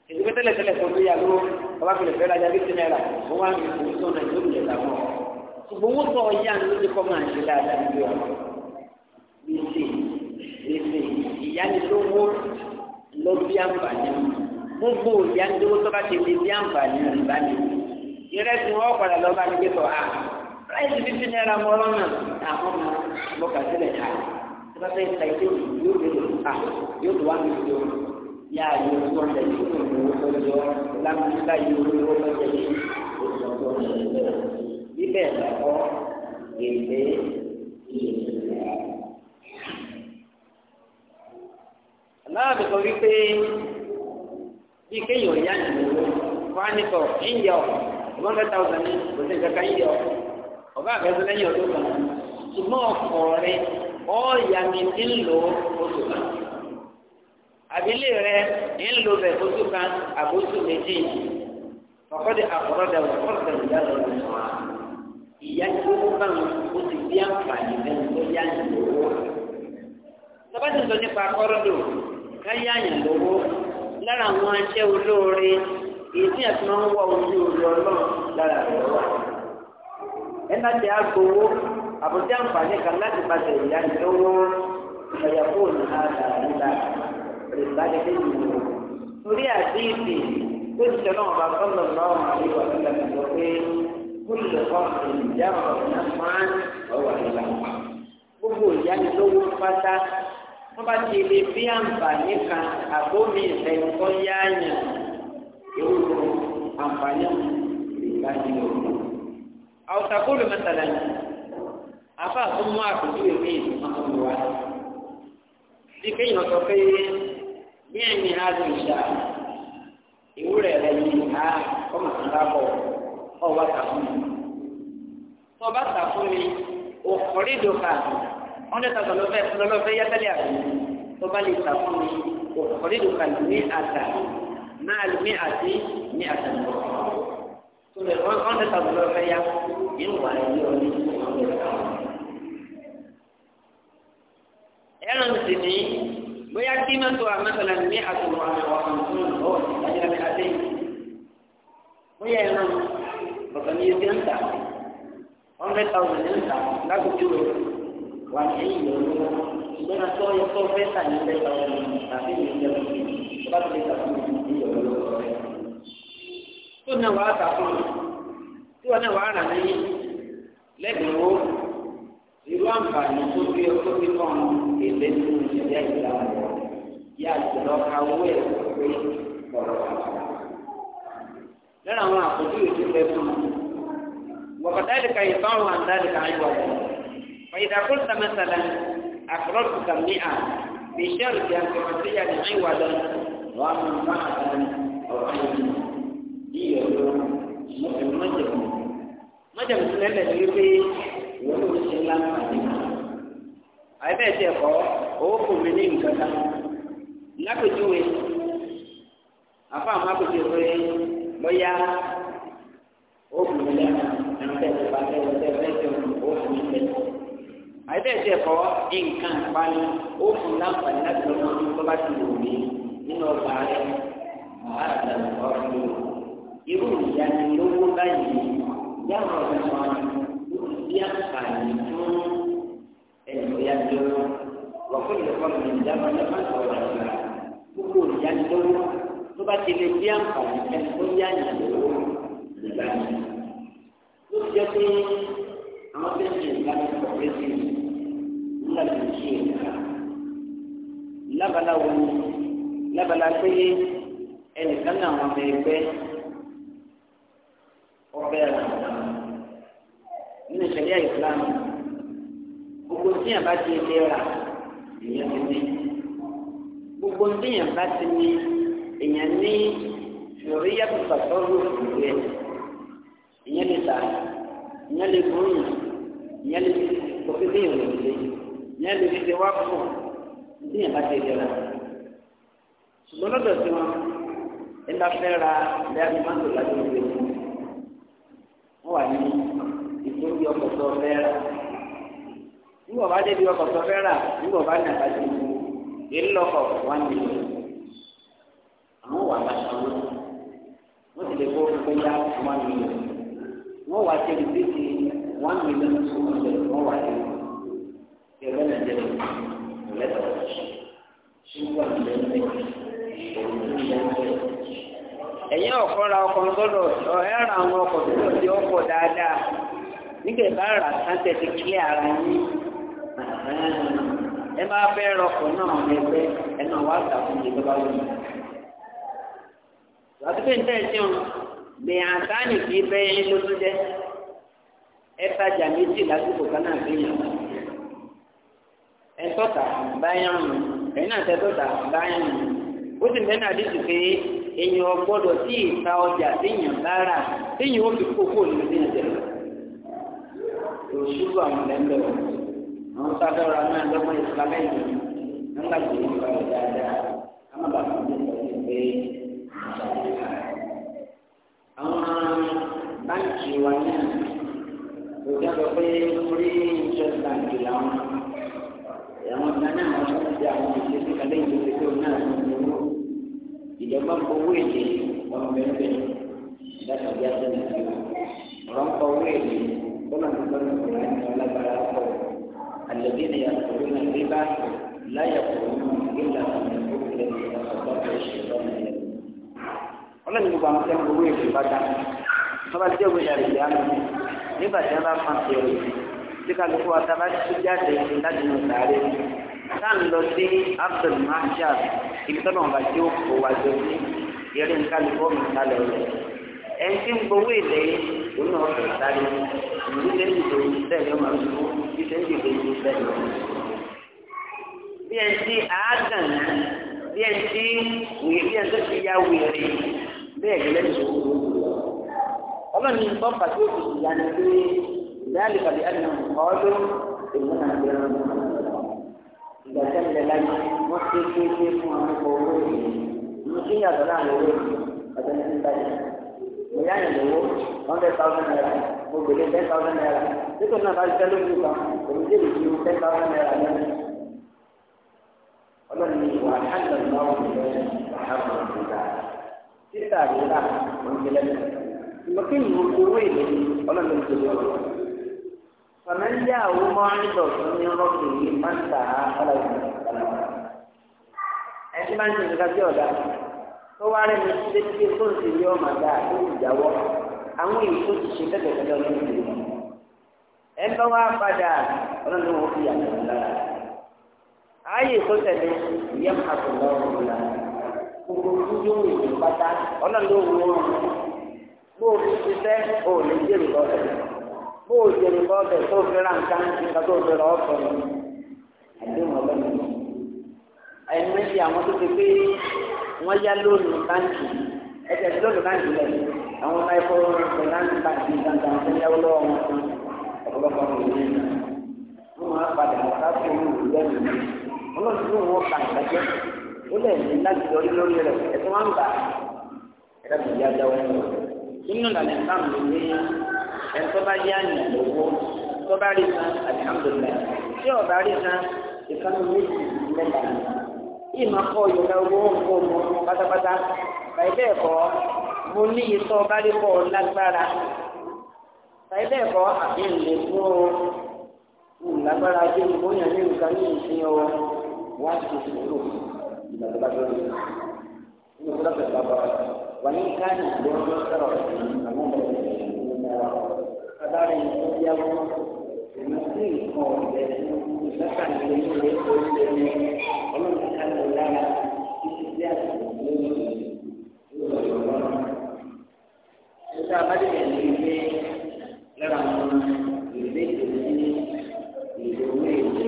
ìdúgbò tẹ́lẹ̀tẹ́lẹ̀ tó lóyà ló bàbá fi lè fẹ́ lajà bí tẹ́lẹ̀ rà wọ́n wá ní ìlú tó náà yóò lè làwọn ṣùgbọ́n owó tó ọjà ló ti kọ́ máa ṣe dáadáa níbi ọ̀rọ̀ gbèsè gbèsè ìyánilówó ló bí àǹfààní gbogbo òyà ń dúró tó bá ti di bí àǹfààní rìbá ni ìrẹsì wọn padà lọ bá ní pé tọ a ráìsì fífi náírà mọ lọ́nà àwọn ọmọ bọkà sílẹ̀ ha tó bá fẹ́ ta ìdí yóò dé lò a yóò tó wá mi lò yá ayé owó ọ̀dẹ yìí kò owó tó yọ lámúlá owó tó yẹ yìí kò ní owó tó yẹ lọ bíbẹ̀ ẹ̀kọ́ gèlè wípé bí kéèyàn yá ni mo wá nìkọ india one hundred thousand ní kò sí nǹkan kan india ọba àfẹsẹ lẹ́yìn ọdún kan ṣùgbọ́n ọkọ rẹ ọyà mi ti ń lò oṣù kan àbílẹ̀ rẹ ń lò bẹ̀ oṣù kan àbóṣù méjì ọkọdé àkọrọdà ọkọrọdà ìyá lọ lọ wa ìyá tó bá wọn ó ti bí àǹfààní lẹ́nu tó yá yàn lówó. sábàtì sọ nípa akọrọdò ká yá yàn lówó lára àwọn iṣẹ́ olóore èyí tí àti máa ń wọ ojú òru ọlọ́run lára rẹ̀ wà. ẹ bá ti àgbowó àbúté àǹfààní kan láti bàtẹ̀ ìyá ìdánwò ìfàyà fóònù àdàlílà ìbádẹ́gbẹ́ ìlú. torí àdéhìí ó ti sọ náà bá sọ́nà náà wà ní ìwà nígbà tó sọ pé kúlù kọ́ọ̀tù ìjà ọ̀rọ̀ náà máa ń ọ̀wà ìlànà. gbogbo ìyá ìdánwò pátá wọ́n bá ti lè bí àǹfààní kan àbómi ìfẹ̀yìn tó yáàyàn yóò lo àǹfààní ìgbàdí òru. àwùjọ kó ló mẹ́tàlá yìí afa tó mú àpèjúwe mi ìfúnná mi wá. bí kéèyàn sọ pé ní ẹ̀yìn àlọ́ ìṣá ìwúrẹ̀ rẹ̀ yìí á ọmọ kan lábọ̀ ọwọ́ àtàkùn mi. tọ́ bá tàkùn mi òkúrídòkà hundred thousand lọ́fẹ́ lọ́fẹ́ yẹ́tẹ́lẹ̀ àbí tó bá lè ta fún mi òkòrí ló kàlí ní àtà náà ní àti ní àtà ní ọ̀rọ̀ tó lè hundred thousand lọ́fẹ́ yá yín wà ní ọdún ẹran sì ní bóyá kí mẹ́tò àmẹ́tọ̀lá ní àtùwọ̀ àmẹ́wọ̀ àmẹ́tọ̀lá ọ̀hún ìdájọ́ mi àti bóyá ẹran ọ̀sán ní ẹgbẹ́ ń ta hundred thousand ń ta lákòókò rẹ̀ wà ní ìlú ìgbẹ́ náà tó yẹ kó fẹ́ tà ní ilé ìgbà wọn tàbí ní ilé ìgbà wọn tó bá tilẹ̀ tàbí ní ìlú ìlú ìlú ìlú rẹ̀. tó náà wàá tà fún un tí wọn náà wàá rà ní lẹ́gbẹ̀ẹ́wó irú àǹfààní tó fi ọkọ fi kàn èlé tó ń ìgbà wọn yá ìjọba owó ẹ̀ pé ọ̀rọ̀ lẹ́nu àwọn àpótí ìdílé fún un wọ̀kọ̀tà ìdíkà ìfáwọn àǹdá ìdíkà ìwà فإذا قلت مثلا أقررت مئة بشرط أن تعطي عوضا وأما معدا أو عينا هي مجمع مجمع سنة الذي يقول السلام عليكم àìbẹ́ẹ̀ tí ẹ̀kọ́ owó kò mí ní nǹkan kan lápèjúwe àfa àwọn apèjúwe lọ́yà owó kò mí lẹ́nu ẹ̀ńtẹ̀ ìpàdé ẹ̀ńtẹ̀ ẹ̀ńtẹ̀ owó àìbẹ́ẹ̀sì ẹ̀kọ́ nǹkan ìpanu ó fún láǹfààní láti lọ́mọ ọdún tó bá ti wò mí nínú ọgbà rẹ̀ àgbà ọ̀rọ̀ irú ìyá ni lówó báyìí ìyá àwọn ọ̀gá wa ló ń bí àǹfààní fún ẹ̀yọ́ ya jọ wọ́pọ̀ ìlẹ̀kọ́ mi ìjà máa ń bá sọ̀rọ̀ àgbà púpọ̀ ìyá ni lówó tó bá ti lè bí àǹfààní ẹni tó ìgbà àwọn tó ń ṣe ìgbà láti ṣe ìlànà lábala wo lábala pé ẹnìkan náà wọn bẹ gbẹ ọbẹ rà nínú ìṣẹ̀lẹ̀ ìsìlámù gbogbo tí yàn bá ti lè rà èèyàn ti ní gbogbo tí yàn bá ti ní èèyàn ní lórí yàtọ̀ sàtọ́rù ìwé ìyẹn lè ta ìyẹn lè gbóyè ìyẹn lè kọ́kẹ́lẹ́ ìwé ìwé ìyẹn lè fi ṣe wá pọ̀ ní ìyẹn bá ti jẹ náà ṣùgbọ́n lọ́dọ̀ sí wọn ẹ bá fẹ́ ra lẹ́yìn mọ́tò láti ìgbè fún wọn wà ní ìtòkì ọkọ̀ tó fẹ́ rà nígbà bá débi ọkọ̀ tó fẹ́ rà nígbà bá nà bá ti èyí lọ́kọ̀ wọn ni àwọn wà bá ṣàwọn wọn ti lè kó gbẹdá wọn ni wọn wà tẹ̀lé títí wọn ni lọ́nà tó wọn lè wọn wà tẹ̀lé. ẹgbẹ́ ọkọrọ jẹ́ lẹ́tọ̀ ṣùgbọ́n lẹ́nu ẹ̀yìn ọ̀kọ́ra ọkọ̀ gbọ́dọ̀ ẹ̀rọ àwọn ọkọ̀ tó lọ sí ọkọ̀ dáadáa nígbà ìbára sáńtẹ̀ ti kílẹ̀ ara yín ẹ bá fẹ́ rọkọ̀ náà lẹ́gbẹ́ ẹ náà wá gbà fún mi lọ́wọ́ yìí. ń tẹ̀sí o ẹtọ́ta báyà mú ẹ̀yin náà tẹ́tọ́ta báyà mú ó sì bẹ́ẹ̀ náà dídì pé èyàn ọgbọ́dọ̀ tí ìta ọjà téèyàn bá rà téèyàn ó fi kókó nínú téèyàn tẹ̀lé lọ ṣubú àwọn lẹ́ńdọ̀ àwọn sáfẹ́ ọ̀rọ̀ náà lọ́gbọ́n ìsìlámẹ́ yìí nígbà tí èyí bá rẹ̀ dáadáa á má bàa fún mi lọ sí pé àwọn báńkì wa náà ló pé orí ìjọba ìlànà àwọn ọ̀gá náà wọ́n ti di àwọn ìṣesí kalẹ́ ìlú pé kó náà ló ń lò ìjọba owó èlé ọmọ ẹgbẹ́ ìdájọ́ bí a ti nà sí ọ̀rọ̀ ń kọ owó èlé kọ́nà tó bá lọ́kọ̀ láì ní ọlágbára pọ̀ àlẹ́bí ni àtúrò náà bí bá láyà pọ̀ ní ìlà ọlọ́ni gbogbo àwọn tí wọ́n ń owó èlé bá dá wọ́n bá dé òwe yàrá ìyá mi nígbà tí wọ́n tí kálukú àtàbá ti jáde láti mọ̀ sáré tá ń lọ sí Abdul Mahshar ibi tọ́nà ọba tí ó kó wa jọ sí ìyẹn ní kálukú ọmọ ìsàlẹ̀ rẹ̀ ẹni tí ń gbowó èlé òun náà fẹ̀ sáré ìlú tẹ́ ń dìbò bẹ́ẹ̀ ni ó máa ń dúró bí tẹ́ ń dìbò ìlú bẹ́ẹ̀ ni ó máa ń dúró. bí ẹni tí àágàn bí ẹni ti ya wùyẹrì bẹ́ẹ̀ ni lẹ́yìn tó kúrò ọlọ́run ní bọ́ọ̀bà tó ti yá ni pé ذلك بأنهم قالوا إننا إذا كان لك محسن في شيء مشيئة لا نقول هذا من ذلك ويعني لو 100000 نيرا وہ بولے ٹین تھاؤزینڈ آئے گا لیکن میں بات چلو نہیں کہا تو مجھے بھی کیوں ٹین تھاؤزینڈ آئے گا اللہ نے وحل اللہ وحرم الربا تسعة ربا من كلمة لكن هو قوي الله من كلمة فمن جاءه موعظة من ربه فانتهى فله ما ẹni máa ń ṣe nǹkan tí ọ̀dà tó wá bó o jẹ nǹkan ọbẹ̀ tó fi ra nǹkan nǹkan tó fi ra ọkọ̀ rẹ̀ àdéhùn ọbẹ̀ nínú. ẹ̀yin méjì àwọn tó ti pé wọ́n yá lónìí báńkì ẹ̀jẹ̀ tí lónìí báńkì lẹ̀ àwọn máìkọ́ fẹ̀láńtì báńkì gbàngàn tó yáwó lọ́wọ́ wọn fún ọ̀pọ̀lọpọ̀ ọmọ ìlú yìí. wọ́n máa padà sáfù olùkú lẹ́nu ọlọ́run wọ́n kà ìdájọ́ ẹni tó bá yá ní owó tó bá rí san alihamudulilayi tí ọba rí san ìkànnì méjì mẹ́ta ìmọ̀ kọ́ ìyọ̀dá owó nǹkó mọ́ pátápátá báyìí bẹ́ẹ̀ kọ́ mo ní ìtọ́ bá rí kọ́ lágbára báyìí bẹ́ẹ̀ kọ́ àbí ìlẹ̀ fún o ìlágbára ajé ìgbóyà ní nǹkan ní ìsìn ọ wá sí ìṣòro ìgbàgbọ́dá tó ń bọ̀. Nínú ìgbàgbọ́dá tó ń wà ní káàdì ìgbóyà tó ń àwọn ọmọ ìgbàgbọ́dá kadari ìgbéyàwó ìmọ̀sí nǹkan ọ̀rẹ́ ìlọ́kàlẹ̀ ilé oúnjẹ ní ọlọ́mọdé alẹ́ lára títí sí àsìkò lórí ìrọ̀lọ́. Nígbà abájẹ́ ní ilé lára àwọn ìlé ìdòwú ní ìdòwú èdè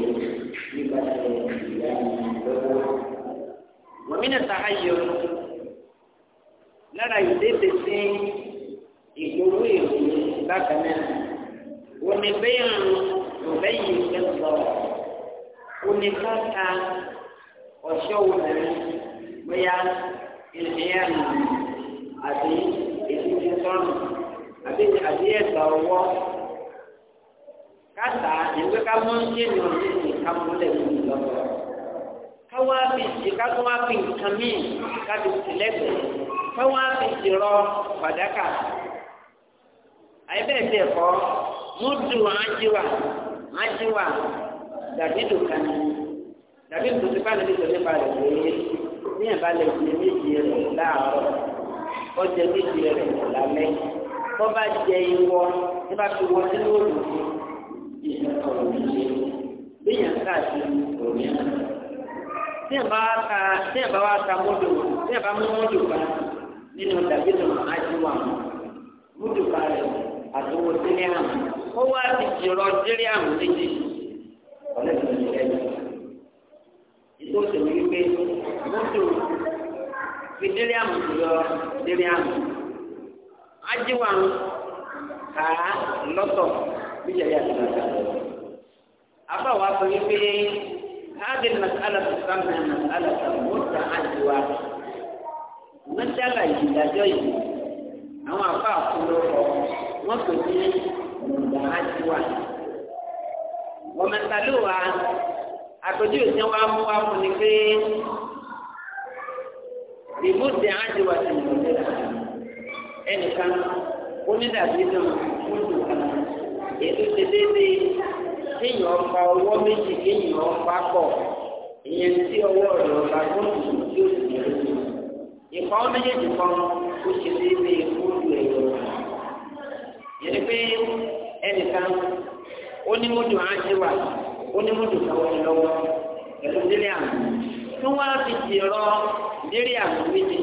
nígbà tí ìyá mi lọ́wọ́. Wọ́mínà sàáyọ̀ lára ìdébèsí ìdòwú èdè bákan náà wọ́n ní bẹ́ẹ̀ àrùn lọ́bẹ̀ yìí ń bẹ́ẹ̀ lọ wọ́n ní káta ọ̀ṣọ́ obìnrin bóyá ìrìnàmù àti ìdíje sọ́nù àti àti ẹ̀gbà ọwọ́ káta ìwé ká mọ́ ní ìlú ọ̀sẹ̀ ìka múlẹ̀ nínú lọ́wọ́ káwá fi ìka tó wá fi nǹkan míì ká fi sílẹ̀ bẹ̀rẹ̀ káwá fi ìrọ̀ pàdákà àyè bẹ́ẹ̀ bẹ́ẹ̀ kọ́ múdù ájíwà ájíwà dàbí dùkan dàbí dùkan bá níbi ìjọba ìbá rẹ̀ lé ní ẹ̀bá lè jẹ méjì rẹ̀ láàárọ̀ kọ́ jẹ méjì rẹ̀ lálẹ́ kọ́ bá jẹ iwọ tí bá fi wọ sínú òdòdó ìṣẹ̀kọ̀ òdòdó léèyàn káàkiri òmìnira tí ẹ̀ bá wá ta tí ẹ̀ bá wá ta mọ́dò tí ẹ̀ bá mú mọ́dò kan nínú dàbí dùkan ájíwà mọ́dò kan rẹ̀ àtúwò sílíàmù ó wá ti jìrọ sílíàmù méjì ọlẹ́sìn ìṣẹ́yìn ìtò ìṣèlú wípé mọ́tò fi sílíàmù jùlọ sílíàmù ajíwà ń kà á lọ́tọ̀ bí yẹ̀yẹ́ àti nàìjíríà lọ. àbáwá sọ wípé هذه المسألة تسمى مسألة متعدوة مسألة يدجي àwọn afa àkúrò kọ wọ́n pè ní mùdáhàjúwà wọ́mẹ̀tàlúwà àpèjúwe tí wọ́n á mú wá fún ni pé ìbúdé àjùwà ti ń bọ̀ ẹnìkan onídàbí náà fúnù kan ètò ṣe déédéé kéèyàn ọba ọwọ́ méjì kéèyàn ọba pọ̀ ìyẹn tí ọwọ́ rẹ̀ ọba tí ó sì rẹ̀ ìkọ́ méjèèjì kan ó ṣe déédéé ẹ̀yọ̀ kan. yẹn ni pé ẹnìkan onímọ̀tò àjẹwà onímọ̀tò káwọn lọ́wọ́ pẹ̀lú délé àmì tí wọ́n á fi jìrọ délé àmì méjì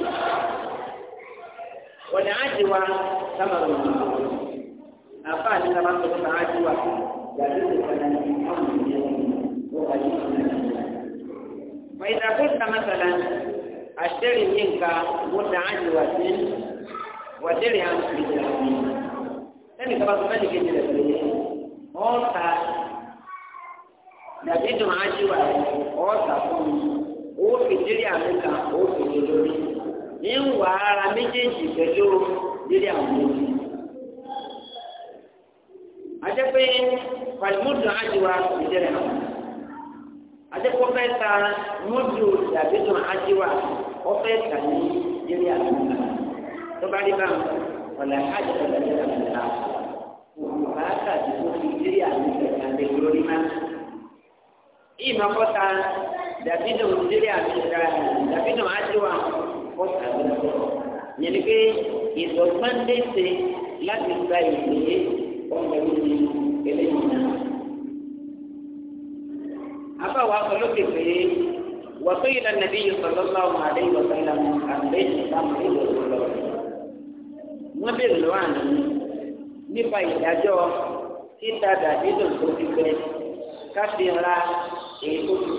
wọ̀nà àjẹwà sábà lọ́wọ́ àfa àti sábà tó sábà àjẹwà yàtọ̀ tó kọ́nà ní ọ̀nà ìyẹn wọ́n wà ní ọ̀nà ìyẹn. فإذا قلت مثلا أشتري منك متعجبة ودرهم بدرهم ẹnì kan bá tún mẹ́lì kejì rẹ̀ pé ọ̀ọ́ta dàbí dùn ájú wà ọ̀ọ́ta fún mi owó kejìlí àmì kan owó kejì lórí ní wà ara méjèèjì pẹ̀lú lílé àwọn méjì. àjẹ́ pé pàlímùdùn ájú wà ìjẹ́rẹ̀ àwọn àjẹ́ pé ọ̀fẹ́ ta mọ́dù dàbí dùn ájú wà ọ̀fẹ́ ta ní lílé àwọn méjì. tó bá rí báwọn ọ̀là ájú wà lẹ́yìn àwọn méjì bàákà tí mo fi kiri àmì ìgbàgbà lẹ́gbẹ̀rún ní máa. ìmọ̀ kọ́ta dàbí náà mo kiri àmì ìgbàgbà dàbí náà á ti wà kọ́ta lọ́wọ́. yẹn ni pé ìdọ̀gbọ́n dẹ́sẹ̀ láti gba ìgbéyé ọ̀gbẹ́ mi ní eléyìí náà. àbáwá ọlọ́kẹ̀ pé وقيل النبي صلى الله عليه وسلم عن بيت الامر والصلاه. ما بين الوانه nípa ìdájọ́ títa dàbídùn tó ti gbẹ káfí ra èyí tó tutù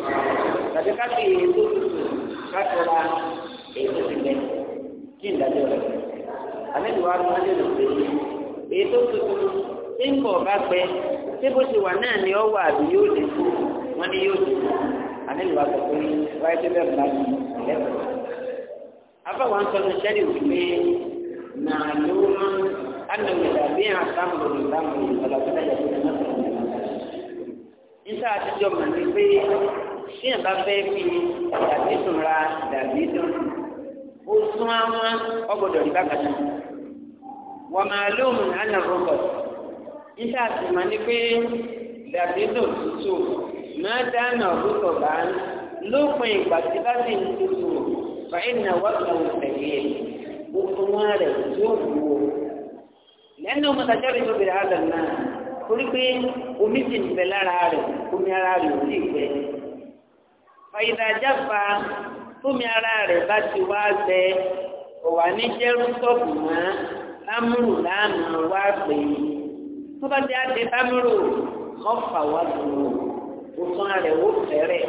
tàbí káfí èyí tó tutù káfí ra èyí tó ti gbẹ kí ìdájọ́ rẹ̀ àlejò wa ló wájú lòdì èyí tó tutù tí ń bọ̀ bá gbẹ tí bó ti wà náà ni ó wà àbí yóò dé kú wọn ni yóò dé kú àlejò wa sọ pé wáyé tó bẹ̀rù láti lẹ́kọ̀ọ́. afọwọ́n sọ ní sẹ́ni wípé màálù máa ń. أنه إذا بيع التمر بالتمر فلا بد يكون مثلا من المثل إن ساعة اليوم من في tí a bá fẹ́ fi dàbí dùn ra dàbí dùn ó sún àwọn ọgbọdọ̀ rí bákan náà wọ́n máa lóhùn àná robot níta sì máa ní pé dàbí dùn tútù máa dáná orúkọ bá ń lópin ìgbà tí bá sì ń tútù fàáyìn náà wọ́n kàn tẹ̀lé ẹ̀ òkun wọn rẹ̀ yóò wúwo lẹ́nu mọ̀tàjọ́rì tó bèrè àlọ́ náà torí pé omi ti ń bẹ lára rẹ̀ omi ara rẹ̀ ò sì gbẹ. fàyídàjáfa tómi ara rẹ̀ bá ti wá gbẹ ọ̀wà ní jẹ́rúsọ̀bù mọ́ lámúrù lánàá wá pè é tó bá ti á dé bámúrù mọ́fà wá dùn ó tún rẹ̀ ó fẹ́rẹ̀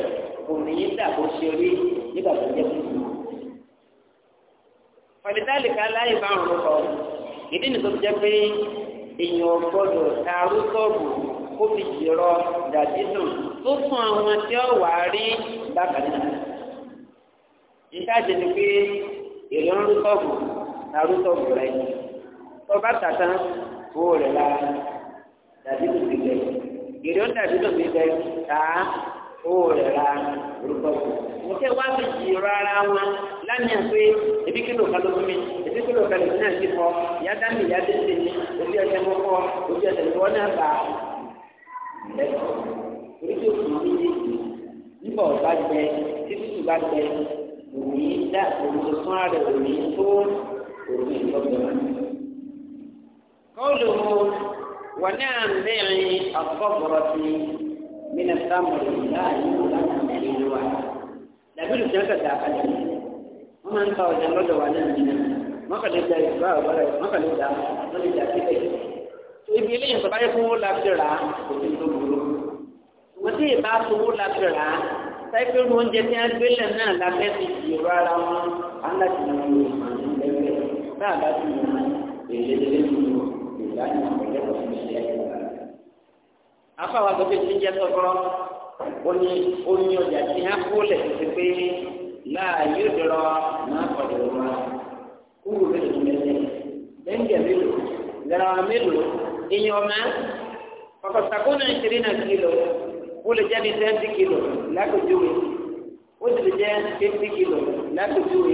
òní dàbò ṣe rí nígbà tó jẹ́ fún un. fàyídàlìkà láì bá ń rọ̀ ìdí nìkan tó jẹ́ pé èèyàn gbọ́dọ̀ taarú sọ́ọ̀bù kó fi jìrọ dàdídù tó fún àwọn tí ó wà rí bákan náà ìtajì ni pé èrè ń rú sọ́ọ̀bù taarú sọ́ọ̀bù rẹ tó bá tàtàn owó rẹ̀ lára dàdídù ti bẹ̀ èrè ń dàdídù ti bẹ̀ tàá owó rẹ̀ ra orúkọ kù. mo fẹ́ wá fi jì rọ ara wọn lánàá pé ebi kí ló ka ló fún mi ebi kí ló ka ló fún náà ti fọ ìyá dání ìyá dé sí mi ojú ẹsẹ̀ mọ́ fọ́ ojú ẹsẹ̀ mọ́ náà bá ojú òkú mi yé nígbà ọba jẹ títí tó bá jẹ òní dá òní fún ara òní tó òní ìtọ́jú. kọ́ọ̀lù mu wọ́n ní à ń bẹ̀rẹ̀ ọ̀pọ̀ bọ̀rọ̀ sí i. من التمر لا يمكن أن يلوى لابد جنك داخل ومن قال جنك وانا من ما قد يجا يبقى ولا ما قد يجا ما يجا كده ibi eléyìí tó bá yẹ kó láti rà kò sí tó burú wọ́n sì bá sowó láti rà sáyẹ́pẹ́ ní oúnjẹ tí wọ́n gbélé náà lábẹ́ ti di ìrọ̀ ara wọn aláti ní ìlú ìmọ̀lẹ́gbẹ̀ẹ́ náà láti ní ìlú ìlẹ́lẹ́lẹ́ nínú ìlànà ìjọba ìṣẹ́ ìgbà afáwa tó fi ti jẹ tọkọrọ ó ní ó ní ọjà tí a kó lẹ tó ti pé láàyè òdòrò máa pàdé òun wa kúrò mélòó tó mẹsẹ lẹ́ńgẹ̀ mélòó garawa mélòó ìyẹn ọmọ pàpàtàkó náà ṣeré náà kìlọ̀ ó lè jáde twenty kìlọ̀ lákòjúwe ó sì lè jẹ fifty kìlọ̀ lákòjúwe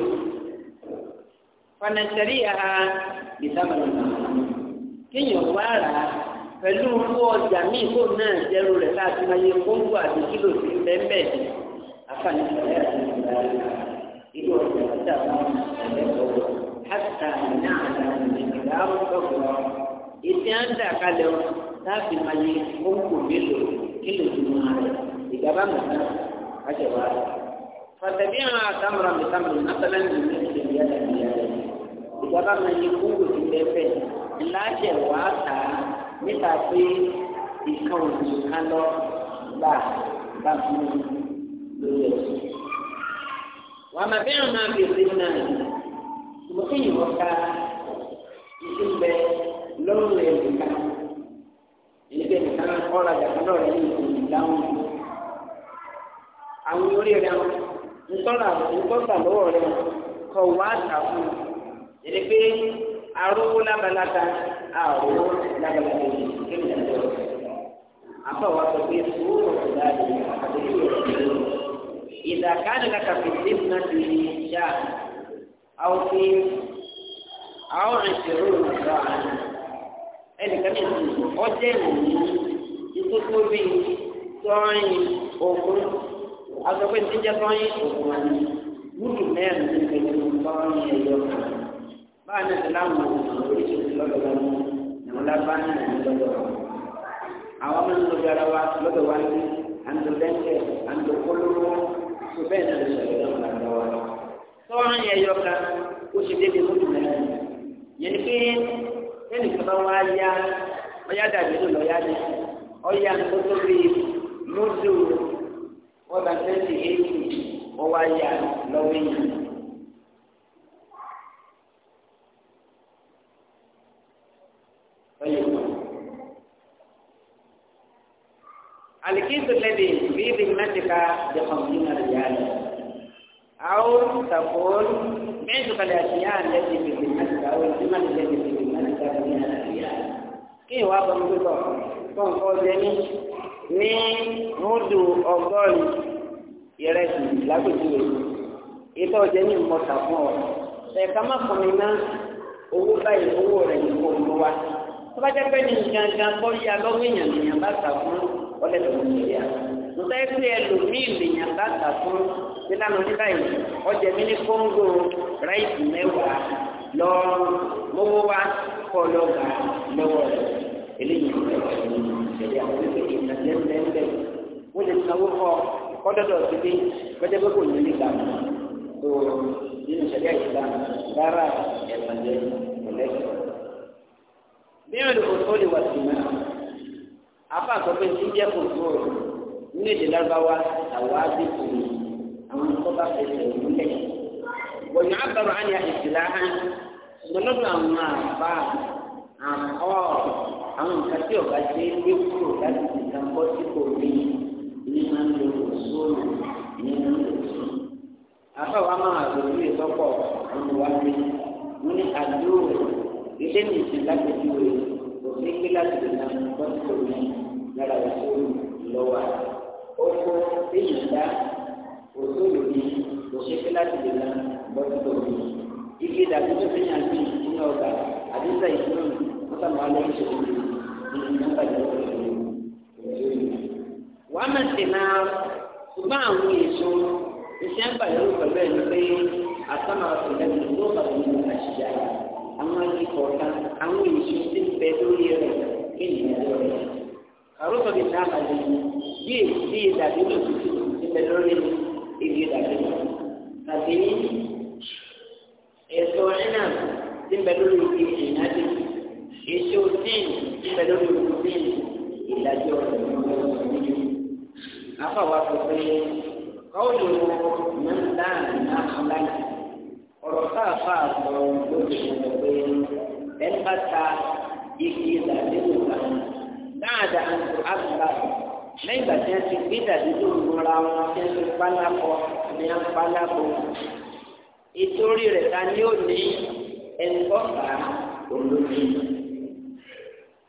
fanẹsẹ̀rí àhà ìdámọ̀lẹ́mọ̀ kéèyàn wá rà á pẹ̀lú owó ọjà míì tó náà jẹ́rú rẹ̀ káàkiri ayé kóńgò àti kílò sí bẹ́ẹ̀ afáàní ìṣẹ̀lẹ̀ àti ìṣẹ̀lẹ̀ ìlú ọjà ọjà wọn ẹ̀lẹ́ ọ̀gbọ̀n hàtà ní àná ìṣẹ̀lẹ̀ àwòkọ̀gbọ̀n ìṣẹ̀ à ń dà kalẹ̀ wọn láti máa yẹ kóńgò mélòó kílò sí wọn rẹ̀ ìjàmbá mọ̀tàn àjẹwà rẹ̀. fàtẹ̀bí àwọn àtàmùrà mìtàmùrà nàtàlẹ́ nìyẹn ìṣẹ̀lẹ̀ àti ìṣẹ̀lẹ̀ ìjàmbá máa nípa pé ìkan òjò kan lọ gbà bá fún un lórí ẹ̀sùn. wàá máa bẹ́ẹ̀ máa bèèrè náà mo fi ìwọ ká iṣẹ́ bẹ lọ́rùn ẹ̀sùn ká ìdílé nìkan ọ̀rọ̀ àjàkálọ̀ rẹ̀ ní ìdáhùn àwọn orí rẹ̀ ń tọ́ra ń tọ́ta lọ́wọ́ rẹ̀ kọ̀ wá àtàkùn ìdílé pé arówó lábaláta àrówó lábaláta yìí kéwìn àjọ àbáwá sọ pé sùúrù ọ̀gá yìí àti sùúrù ọ̀gá yìí ìdàkadì kàkàfì dèbò náà ti rí ṣá àwọn fi àwọn ìṣòro ìṣòro àná ẹnìkan ní ìṣòro ọjọ́ ìwòye ìtótó bíi sọ́yìn ògùn àtọ́pẹ́ ìdíjẹ́ sọ́yìn ògùn àná múlù mẹ́rin ní ìpínlẹ̀ sọ́yìn ẹ̀yọ́ kan fáwọn ẹ̀sìn láwọn ọmọ oríṣiríṣi lọ́dọ̀ wọn mú ìwọ lábá ní ẹ̀mí lọ́dọ̀ wọn. àwọn ọmọ nínú ọjọ́ ara wa lọ́dọ̀ wa ní àndòlẹ́ńkẹ̀ àndòkólóró tó bẹ́ẹ̀ náà lè ṣẹlẹ̀ lọ́dọ̀ lọ́dọ̀ wa. tọ́wọ́n yẹ yọ ká ó ṣe débi mọ́tò mẹ́rin yẹn ni pé ẹnì kan bá wá yá ọyá dàbí ló lọ́ọ́ yá ni ọyá tó tóbi mọ́tò ọba الذي في ذمتك بخمسين رجالا أو تقول بعتق الأشياء التي في ذمتك أو الثمن التي في ذمتك من الأشياء كي وابا مبتو كون فوزيني ní múdù ọgọ́rin ìrẹsì lágbèjúwe ìtọ́ jẹ́ ní mọ́ta fún ọ ẹ̀ka má fún mi ná owó báyìí owó rẹ̀ ní kò lówá tó bá jẹ́ pé ní gangan bọ́ yá lọ́wọ́ èèyàn nìyẹn bá ta fún ọlẹ́ tó ń ṣe yá nǹkan ẹgbẹ́ ẹlòmíì lèèyàn bá kà fún nílànà nígbà yìí ọjà mi ní kóńgò ráìtì mẹ́wàá lọ mọ́wọ́ wá kọ́ lọ́gà lọ́wọ́ rẹ̀ eléyìí ló ń ṣẹlẹ̀ àwọn ẹgbẹ́ ìgbàlẹ́ ńlẹ́ńlẹ́ wọ́n lè sanwó kọ́ kọ́dọ̀dọ̀ ti dé gbẹ́dẹ́ pé kò ní ní gbà tó nínú ìṣẹ̀lẹ̀ ìgbà rárá ẹ̀sán jẹ́ mọ̀lẹ́kì. bí wọn lè kó tó wà sí náà afa sọ pé ní jẹ́ kòtòrò ní èdè lágbáwá àwọn àdìsí àwọn tó bá fẹsẹ̀ múlẹ̀. wọ́n yóò àbọ̀rọ̀ àyà ìsìlá hàn gbọ́dọ̀ àwọn àbá àkọ́ àwọn nǹkan tí ọ̀gá ṣe ń gbé kúrò láti ìta ń bọ́ sí kò rí ní máa ń lo òṣòro ní máa ń lo òṣòro. afa wa máa lò ní ìsọ́pọ̀ àwọn ìwádìí wọ́n ní àdúrò ilé nìsín ní kí láti lè na mọ́tò ní lára òṣèlú lọ́wọ́ oko èyí dá òṣèlú ní òṣè kí láti lè na mọ́tò ní ike dàbí tó fi yàn sí nínú ọgbà àdúgbò ìṣúná mọ́tò máa lọ ìṣòro ní ìdílé nígbà tó ń lò òṣèlú. wàá mọ̀ sí náà ṣùgbọ́n àwọn èso iṣẹ́ ń bàyẹ̀wò pẹ̀lú ẹ̀ ní pé àtàwọn àtìlẹ́yìn ló bàtà nínú àṣìṣe àyà àwọn ikọ̀ kan àwọn èso tí ń bẹ lórí rẹ̀ kí ni ìyàwó rẹ̀. àrùtọ̀ bí sáà bàjẹ́ bí èsì ìdàbí lò tuntun ti bẹ lórí ibi ìdàbí lò tàbí èso ẹ̀nà ti bẹ lórí ibi ìnáde èso tíì ti bẹ lórí ibi tíì ìdájọ́ ọ̀rọ̀ ìgbàlódé. àfàwà sọ pé kọ́ọ̀lù mẹ́ta náà kọ́lá ọ̀rọ̀ káàpá àgbọ̀n ló ti mọ̀ pé ẹni bá ta igi ìdàdínlò kan dáadáa àti àgbà lẹ́yìn ìgbà tí wọ́n ti gbé ìdàdínlò mọ́ra wọn tí wọ́n ti pálákọ ní apálákọ. ìtorí rẹ̀ ta ni ó ní ẹni kọ́ta olómi.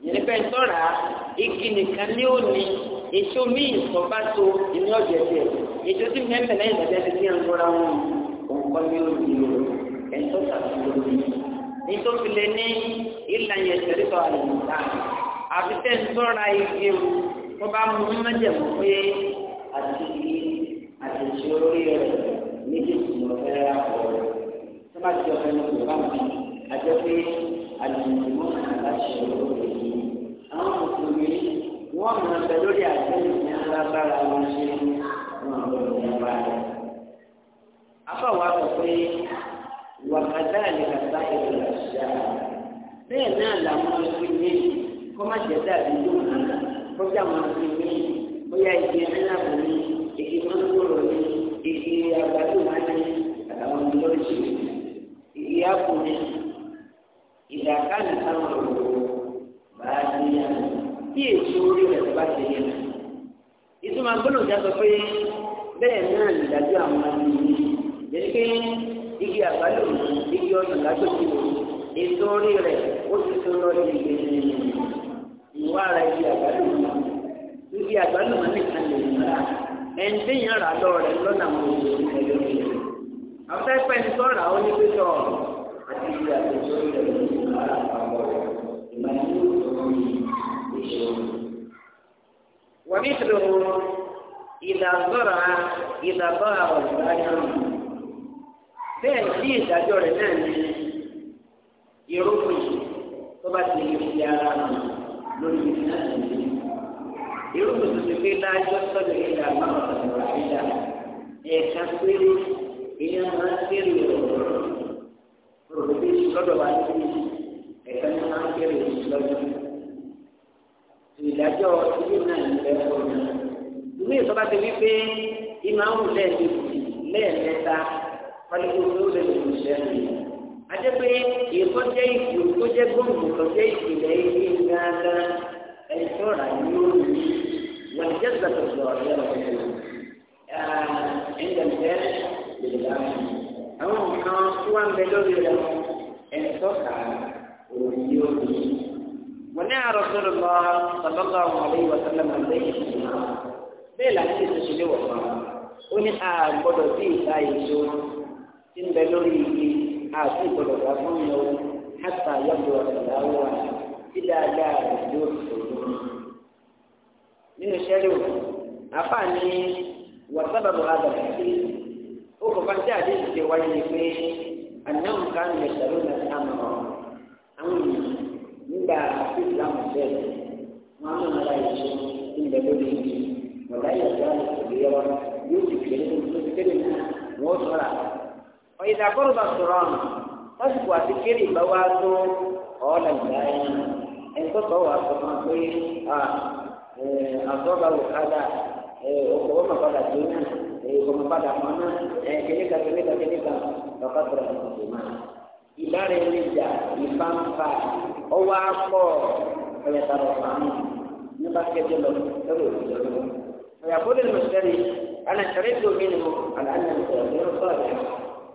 ìrìnbẹ̀ tọ́ra igi nìkan ni ó ní èso míì sọ́bátò ìní ọ̀jẹ̀ tẹ̀ èso tí mẹ́mẹ́lẹ́yìn ìdàdínlò ti ń rọra wọn wáyé lòdì lò ẹ̀ńtọ́ tàbí lòdì nítorí lé ní ìlànà ìṣẹ̀lẹ̀tọ̀ àlùmọ̀tà àfi tẹ́ ń sọ́ra igi o wọ́n bá mú mímọ́ jẹ̀mọ́ pé àti àtẹ̀sí orí rẹ̀ méjèèjì ló fẹ́ ra ọ̀rọ̀ tó bá ti ọ̀fẹ́ lọ́kùn bá mi àjọ pé àlùmọ̀tà àlá ṣe lórí yìí àwọn mùsùlùmí wọ́n mọ̀ ọ́n bẹ lórí àjọ ìyẹn alágbára wọn ṣe wọn lọ́wọ́ afọwọ́ sọ pé wàhálà ni bàbá ìlú àṣà bẹ́ẹ̀ náà làwọn ọ̀sìn méjì kọ́ má jẹ́ dàbí yóò hàn kọjá àwọn ọ̀sìn méjì bóyá ìdí ẹ̀rọ ní èdè mọ́tòrò ní èdè àgbàdo wà ní àtàwọn ọ̀dọ́jì èdè àkùnrin ìdàkánì táwọn ọ̀rọ̀ bá ní yàrá tí èso orí rẹ̀ bá ti yẹ. ìtumọ̀ gbọ́dọ̀ já sọ pé bẹ́ẹ̀ náà nìdájọ́ àwọn ọ̀sìn méjì pé igi àgbálò igi ọ̀nà lágbègbè ètò orí rẹ̀ ó ti tó lọ di ìwà ara igi àgbálò igi àgbálò wọn nìkan lè nà ẹni tí yẹn rà lọ rẹ lọ́nà àwọn òṣèlú rẹ lórí rẹ afẹ́fẹ́ ní sọ́ra ó ní pé sọ àti igi àgbèjọ rẹ lọ́nà àpapọ̀ rẹ ìmọ̀lẹ́ ló sọ̀rọ̀ ìṣòro. wọ́n ní ìṣòro ìdàgbọ́ra ìdàgbọ́ra ọ̀gbọ́n bẹ́ẹ̀ sí ìdájọ́ rẹ̀ náà ní irúgbìn tó bá ti lè fi ara nù lórí ìdílé irúgbìn tó ti pé lájọ́ sọ́dọ̀ ìdá máa ń sọ̀rọ̀ ìdá ẹ̀ka péré ìyẹn máa ń kéré ọ̀rọ̀ òròdé lọ́dọ̀ wa ní ẹ̀ka ní máa ń kéré lọ́dọ̀ ìdájọ́ ilé náà ń bẹ fún ìwé ìsọ́ba ti wí pé lẹ́ẹ̀mẹ́ta ọlọ́dúnrún ìṣẹ́yìn. Adépé ìkọ́jẹ́ ìlú tó jẹ́ gómìnà kọjẹ́ ìpìlẹ̀ ilé ńláńlá ẹni tó rà ní lórí wọn jẹ́ gbàgbọ́ ọ̀rẹ́ ọ̀rẹ́ ẹ̀ńdẹ̀mẹ̀tẹ́ lèlá. Àwọn nǹkan tó wà ń bẹ lórí rẹ̀ ẹni tó kà òun ni ó ní. Wọ́n ní àròsọ̀rọ̀ lọ sọ̀tọ́tọ̀ ọmọ ilé ìwọ̀sán náà lẹ́yìn ìṣúná. Bẹ́ẹ̀ làwọn èso ṣe lé wọ̀ fún wa. Ó ní àgbọ̀dọ̀ sí ìta ìṣó tí ń bẹ lórí igi àti ìgbọ̀dọ̀gba fún mi o hàtà yọ̀dọ̀ ìyàwó wa tí dáadáa rẹ̀ yóò ṣòro. nínú sẹ́rí o àbá ni wàsábà bọ̀ àdàbà sí ó kọ̀ fún àti ìṣe wáyé ni pé ànáwó kan lè sọ̀rọ̀ náà sáàmù ọ̀ àwọn ènìyàn nígbà àti ìlànà bẹ́ẹ̀ wọn á mọ̀ láyé ṣe ń bẹ lórí igi wọ̀láyé ọ̀gá ìṣòro yẹ wọn yóò ti kéré tó ti kéré náà wọ́n sọ̀rọ̀ ọ̀yẹ̀dà kọ́rọ̀bà sọ̀rọ̀ àmà lásìkò àti kéré ìgbà wa tó ọ̀ọ́lá ìgbà yẹn ẹ̀ńtọ́ sọ wà sọ ma pé àtọ́ba wò kádà ọkọ̀ wọn mà padà tó náà ọkọ̀ mà padà mọ́ náà kẹlẹ́ka kẹlẹ́ka kẹlẹ́ka bàbá tọ̀rọ̀ àtọ̀tọ̀ náà ìbára ẹni jà ìfáǹfà ọwọ́ akọ ọ̀yẹ̀dà lọ fàánù nípa kẹjọ lọ lọ́rọ̀ òkúta lọ́wọ́. ọ̀yàfọ́ lè lọ sẹ́ni alẹ́ sẹ́ni tó mí ni mo àlàyé mi sọ̀rọ̀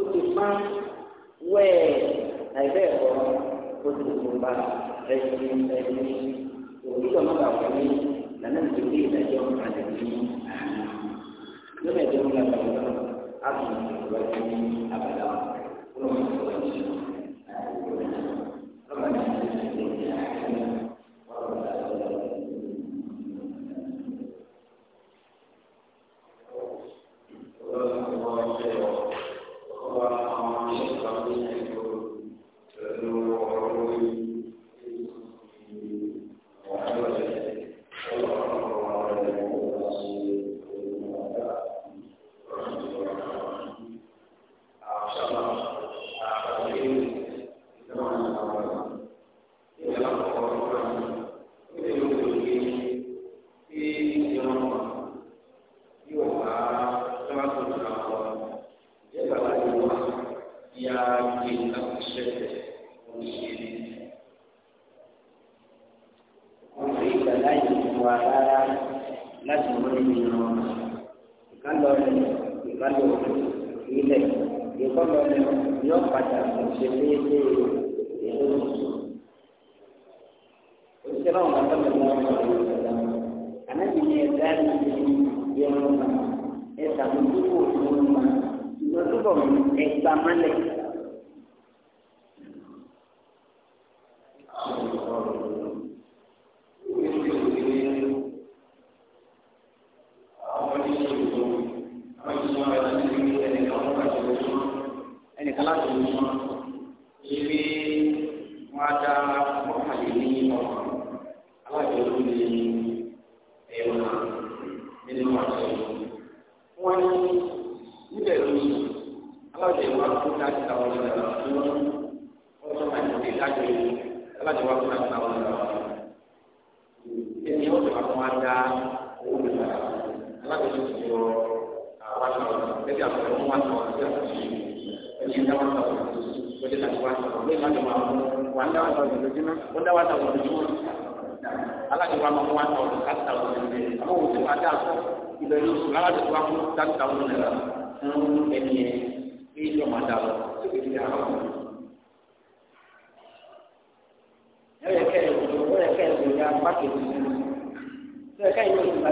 ó ti pa wẹ́ẹ̀ àìbẹ́ẹ̀ kọ́ ó ti kó ba ẹ̀yìn ẹ̀yìn òbí lọ́mọ bá wà ní nàná ní ìdílé ìdájọ́ àti ìdílé àná lọ́mọ ẹ̀jẹ̀ wọn làbà wọn náà á tún ìwà sí àbàdà wọn lọ́mọ lọ́mọ ẹ̀jẹ̀ wọn ti lọ́mọ ẹ̀jẹ̀ wọn ti lọ́mọ ẹ̀jẹ̀ wọn ti lọ́mọ ẹ̀jẹ̀ wọn ti lọ́mọ ẹ̀jẹ̀ wọn ti lọ́mọ ẹ̀jẹ̀ wọn ti lọ́mọ ẹ̀jẹ̀ wọn ti lọ́mọ ẹ̀jẹ̀ wọn ti lọ́mọ ẹ̀jẹ̀ wọn ti lọ́mọ ẹ̀jẹ̀ wọn ti lọ́mọ ẹ̀jẹ̀ wọn ti lọ́mọ ẹ̀jẹ̀ wọn ti lọ́mọ ẹ̀jẹ̀ wọn ti lọ́mọ ẹ̀jẹ̀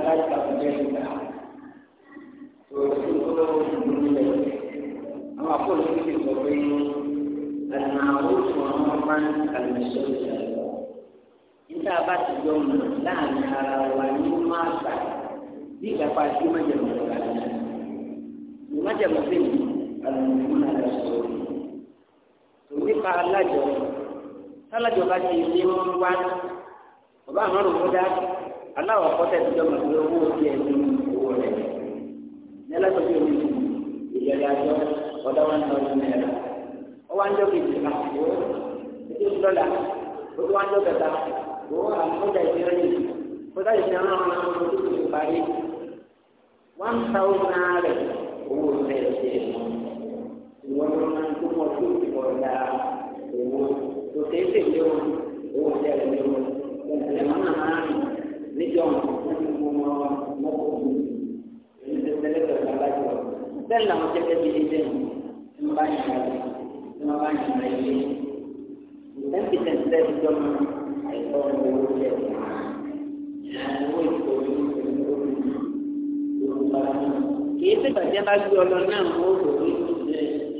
malaika menjadi terang. Àwọn akọ́lù ti sọ pé ẹ̀nà oṣù àwọn máa ń kàlẹ̀ sọ́dọ̀ ìṣẹ̀lẹ̀. Níta bá ti jọ mọ̀ láàrin ara wa ní máa gbà bí ìgbàpá sí májèmọ̀ ìgbà náà. Ìmájèmọ̀ sí mi kàlẹ̀ fún àgbà sọ̀rọ̀. Tòmípa alájọ, tálájọ bá ti ní wọ́n wá, bàbá àwọn ọ̀rọ̀ dáa aláwọ̀ kọ́tẹ́ ti dọ́gba pé owó ti ẹ̀ ní owó rẹ̀ nílẹ́tọ̀ tí o ní ìyẹ̀lẹ̀ àjọ ọ̀dọ́ wọn lọ sí náírà ó wá ń jọ kejì àpò ètò ìdọ́là ó wá ń jọ kẹta ó àkójá ìṣẹ́rẹ́ yìí kódà ìṣẹ́rẹ́ náà wọn lọ sí ìlú parí wọ́n ń ta owó náà rẹ̀ owó rẹ̀ ṣe é ìwọ́n ló máa ń tó ìkọ̀ọ̀dà tó kéé tèlé owó owó tẹ̀lé owó níjọ́ mọ̀ mọ́kò mi èyí ti tẹ́lẹ̀ tẹ̀lé alájọ bẹ́ẹ̀ làwọn tẹ́lẹ̀ bí ilé ń bá yàrá yìí ń bá yàrá yìí ìtẹ́ǹtì tẹ̀lé ìjọ mọ̀ ẹ̀tọ́ owó jẹ ìyàwó ìtòlú ìtòlú kì í sígbà tí a bá gbé ọlọ náà ń wó lórí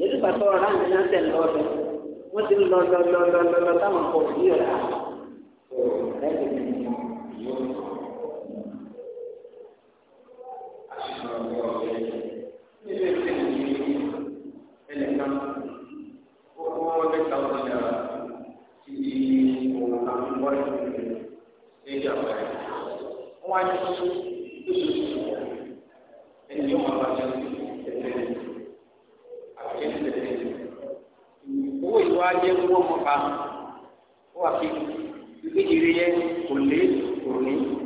ètò ìgbà tó ọ̀rá mi náà tẹ̀ lọ lọ wọ́n ti lọ lọ lọ lọ lọ táwọn kò sí ọ̀rá ẹ̀ ẹ̀ wá jẹ́ wọ́n mọ̀ pa wọ́n wà fi ìgbéjìrì yẹn kò lé òní.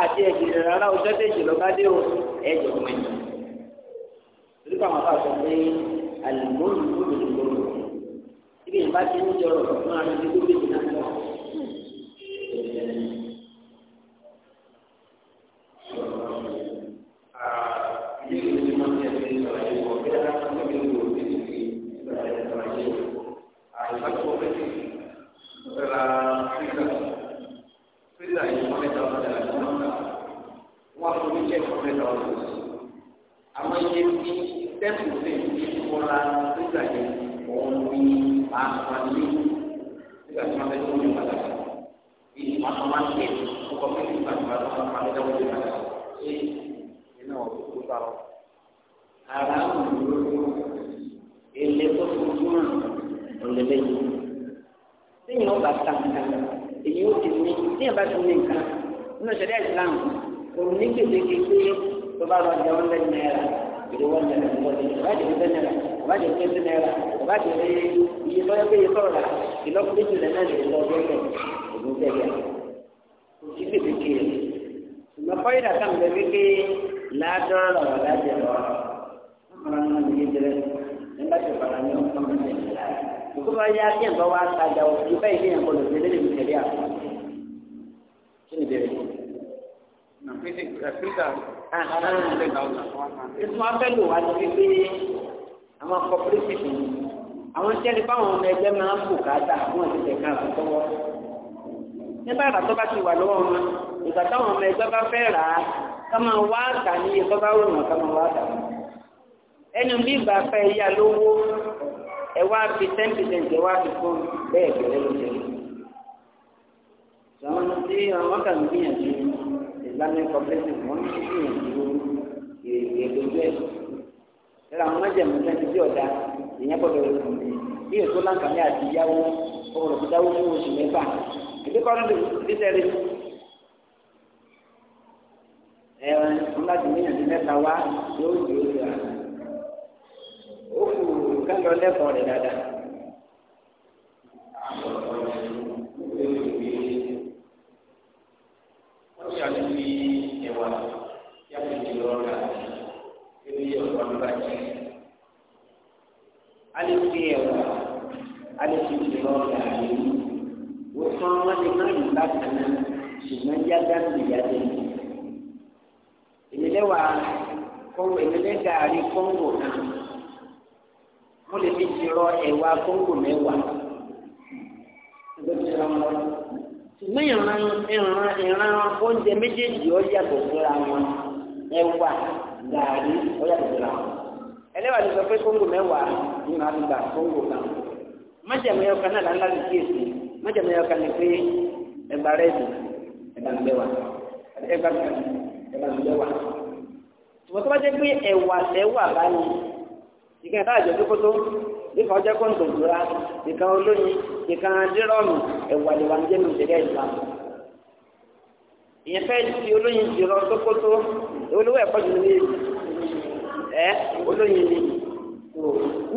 àti ẹ̀jẹ̀ rárá ọjọ́ tẹ̀jì lọ́ba dé o ẹ̀jẹ̀ ọmọ ẹ̀jẹ̀ nípa àwọn àgbà pé àlùmọ́ọ̀lù ló lè ibi ìbá ti ń jọrọ̀ máa ń di gómìnà náà àwọn iye tí sẹ́kù lè fi kọ́ra nígbà yẹn òun ni àǹfààní nígbà tí wọ́n fẹ́ tó ní pàtàkì ìdí wọn máa ń gbé ọkọ̀ fún ìgbà tí wọ́n máa ń máa ń dáwọ́ ní pàtàkì ṣé iná ọ̀dọ́ tó bá wọn. ara ń lò ó ilé tó tuntun náà ọ̀lẹ́lẹ́ yìí lẹ́yìn ọba ta nǹkan èyí ó ti ní ní ẹ̀bá ti ní nǹkan nínú ìṣẹ̀lẹ̀ ìsìlámù òun ní gbèdéke pé tó bá lọ jẹ wọn lẹ́yìn náírà ìdí wọn lẹ́yìn náírà ìbá jẹ wọn lẹ́yìn náírà ìbá jẹ wọn lẹ́yìn náírà ìbá jẹ wọn iye lọ́yọ́ pé iye sọ̀rọ̀ la ìlọ́kùn méjì lẹ́yìn náírà ìlọ́ bẹ́ẹ̀ ògùn bẹ́ẹ̀ yà òsì tètè kéè ìmọ̀kọ́ yìí dàtà mi lẹ́bi pé ládọ́rọ̀ lọ́wọ́ láti lọ ọmọ náà ní ìdílé nígbà tó bàrà ní ọmọ náà ní ìlà òkú bá yá kí ẹ̀ bá wá tajà òkú báyìí kí ẹ̀ ń bọ̀ lọ́sẹ̀ lé ìtumọ̀ abẹ́lò wa ti fi pé àwọn cooperative ni àwọn jẹ́ni báwọn ọmọ ẹgbẹ́ máa ń bò káàdà àwọn ìṣẹ̀lẹ̀ kan àti tọwọ́. nígbà ìgbà tó bá ti wà lọ́wọ́ wọn ìgbà táwọn ọmọ ẹgbẹ́ bá fẹ́ rà á ká máa wá àgbà ní iye tó bá wù wọn ká máa wá àgbà. ẹni bí ìgbà fẹ́ yá lówó ẹ wá fi ten percent ẹ wá fi fún bẹ́ẹ̀ bẹ́ẹ̀ lọ́sẹ̀. sọ̀rọ̀ tí àwọn kan gbìyànjú islamic cooperative wọ́n ti fi hàn ju ìrèlójú ẹ̀. ìrora àwọn májèmú sẹ́ni tí ọ̀dà ìyẹn gbọ́dọ̀ bí èso láǹkàní àti ìyáwó ọ̀rọ̀ tó dáwó fún oṣù mẹ́fà èdè kọ́ ló ti tẹ́lẹ̀. ẹ ẹ ńlá ti níyàn ní mẹ́ta wá yóò di oṣù àná. ó kù ká lọ lẹ́kọ̀ọ́ rẹ̀ dáadáa. alẹ́ fi ẹ̀wà alẹ́ fi ìṣòro ọ̀gá rẹ̀ yìí wọ́n tán wọ́n lè má yìí bákan náà ṣùgbọ́n yáda ń lè yáda ń lè. ìdílẹ́wà kọ́ńgò ìdílẹ́ gàárì kọ́ńgò náà mo lè fi ìṣòro ẹ̀wà kọ́ńgò mẹ́wàá ṣùgbọ́n ìran ìran ìran oúnjẹ méjèèjì ó yàtọ̀ síra wọn ẹ̀wà gàárì ó yàtọ̀ síra wọn ẹlẹ́wà ló sọ pé kóńgò mẹ́wàá ni màá fi gbà kóńgò náà májàmẹ́ ọkàn náà lánàá lè kíyèsí májàmẹ́ ọkàn ni pé ẹgbà rẹ̀ dùn ẹgbà ń bẹ́wà ẹgbà ń ẹgbà ń bẹ́wà tùmọ̀ tó bá jẹ́ pé ẹ̀wà lẹ́wà báyìí ìkà ìta àjọ tó kótó nípa ọjọ́ kóńgò ìdúrà ìkà olóyin ìkà dírọ́ọ̀nù ẹ̀wà lẹ́wà ń jẹ́ nù ìṣẹ̀lẹ̀ ìgbà ìyẹn fẹ́ ti olóyin dìrọ̀ tó kótó olówó ẹ̀kọ́ jù ní ẹ olóyin ni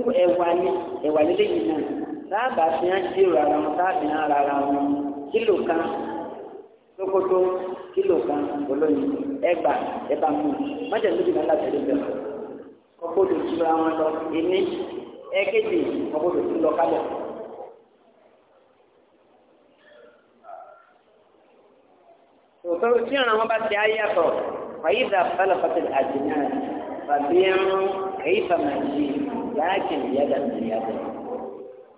tó ẹwà ni ẹwà lélẹyìn náà sáàbà fi hàn jírò ara wọn sáàbì hàn ara wọn kílò kan tókótó kílò kan olóyin ẹgbà ẹbà mú májà níbi náà láti ẹdínwó kọkó tó ti ra wọn lọ ẹni ẹkẹjì kọkó tó ti lọ kálọ. tòótọ́ tí ìrànwọ́ bá ti ayé àtọ̀ fàyídà balẹ̀ pàtẹ́lẹ̀ àjẹmí àná fàbíyàn kẹyìfà máa yí láàkìn ìyáda ní ìyáda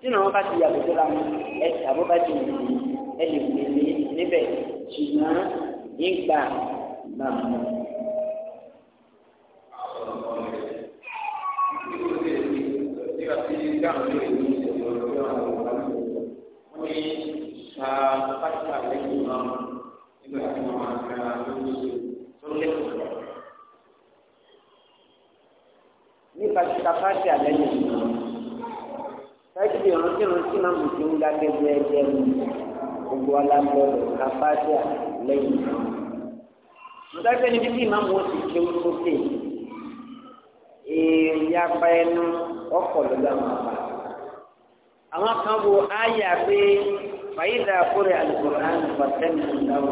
nínú wọn bá ti yàgò tó lánà ẹ tàbó bá ti yìí ẹ lè fi lé níbẹ̀ ṣùgbọ́n nígbà Thank you. nípa títa fáṣí àlẹ́yìn fẹ́ẹ́tì ìrántí ìrántí máa mú kí ń ga gẹ́gẹ́ ẹgbẹ́ mi gbogbo alágbọ́dọ̀ ká fáṣí àlẹ́yìn. mọ̀tàkẹ́ ni bíbí máa mú oṣù kí ó sókè èèyàn apá ẹnu ọkọ̀ lọ́dọ̀ àwọn àpá. àwọn kan wo áyà pé fàyídà kórè àlùkò àǹfààní ìdáwó.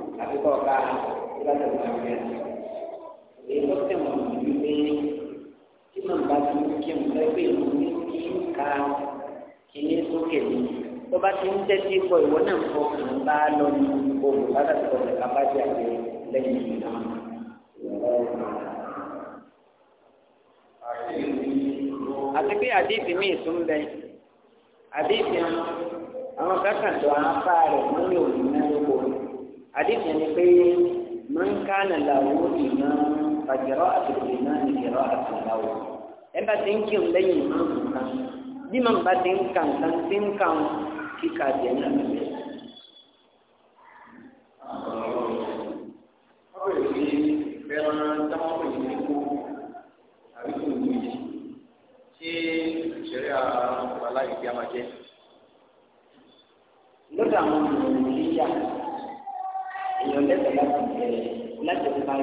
àbí kọ́ ọ̀ka ìlànà ìgbàgbé èyí tó tẹ̀wọ̀n ìlú pé tí màá bá ti ń kí mu lẹ́gbẹ̀ẹ́ ìlú ní kí n ka kíní sókè mi tó bá ti ń tẹ́tí kọ ìwọ náà ń fọ kàn bá lọ ní ohun bàtà tó kọjá ká bá jẹ àgbẹ̀ lẹ́yìn ìlú náà. àti pé àdéhìí mi ìsún bẹ àdéhìí àwọn kákàndọ̀ àáfàá rẹ̀ wọ́n àdéhùn ni pé máa ń ká nàlàwó ìmọ̀ fàjọrọ̀ àtòkè náà ní ìrọ̀ àtòláwò ẹ bá ti ń kírun lẹ́yìn ìmọ̀ nǹkan bí màá bá ti ń kà nǹkan ti ń kà ń kíkà jẹ́ náà lọ́wọ́. lọ́dọ̀ àwọn ọmọ ìlú yíyá èèyàn lẹ́sẹ̀ láti bẹ̀rẹ̀ láti pa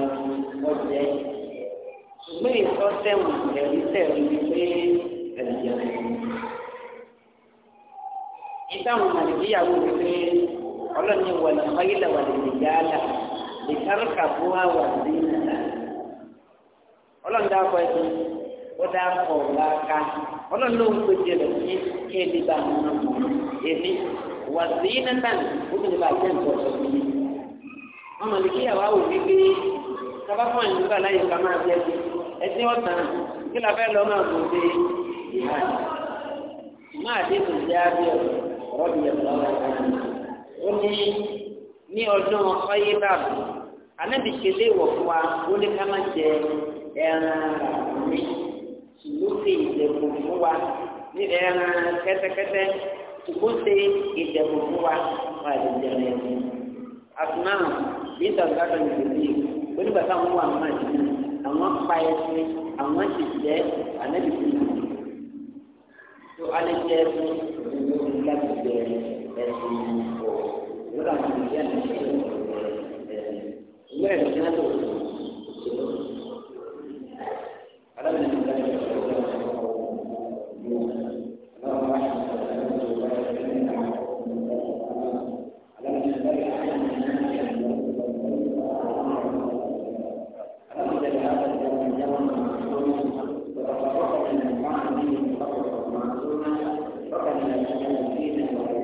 ọjọ́ ẹ̀ ṣùgbọ́n ìtọ́ tẹ̀wọ̀n ẹ̀rí tẹ̀rí pé ẹ̀rí jẹ́ ìtàwọn màlìkíyàwó rẹ̀ pé ọlọ́ni wọlé ọ̀yẹ́lá wà lè yáàlà lè kárùkà bó wà wà sí ìlànà ọlọ́ni dáàbọ̀ ẹ̀sìn ó dáàbọ̀ ọ̀làkà ọlọ́ni ló ń gbèjì rẹ̀ sí kéèdì bá àwọn ọmọ èmi wà sí ìlànà ó ti lè bá jẹ́ nǹkan ọ̀sẹ̀ yìí wọn mọ̀ lè kí ìyàwó àwò wípé sábà fún àyìn nígbà láyé ká máa jẹ ẹtí ọ̀tàn kí la fẹ́ lọ máa kò dé ìhà máa dé tó jẹ́ abẹ́ ọ̀rọ̀ bí ẹ̀ lọ́wọ́ ó ní ní ọdún ọyẹ báàbò anábì kele wọ̀ fún wa ó ní ká máa jẹ ẹran mi ṣùgbọ́n ṣe fún wa ní ẹran kẹ́tẹ́kẹ́tẹ́ ṣùgbọ́n ṣe fún wa wà lè jẹun ẹ̀sìn asùnmáà níta gbàgbà nìgbèsè onígbà táwọn wà máa jù àwọn pa ẹsẹ àwọn ti jẹ ànábì fún mi tó alẹ́ jẹ ẹsùn ìlú láti jẹ ẹsùn ìwọ lọ́dọ̀ àwọn ìdílé àti ìṣẹ̀lẹ̀ ẹ̀sìn ìwé ẹ̀sìn náà tó ṣe lọ́wọ́. وقد نجعل فينا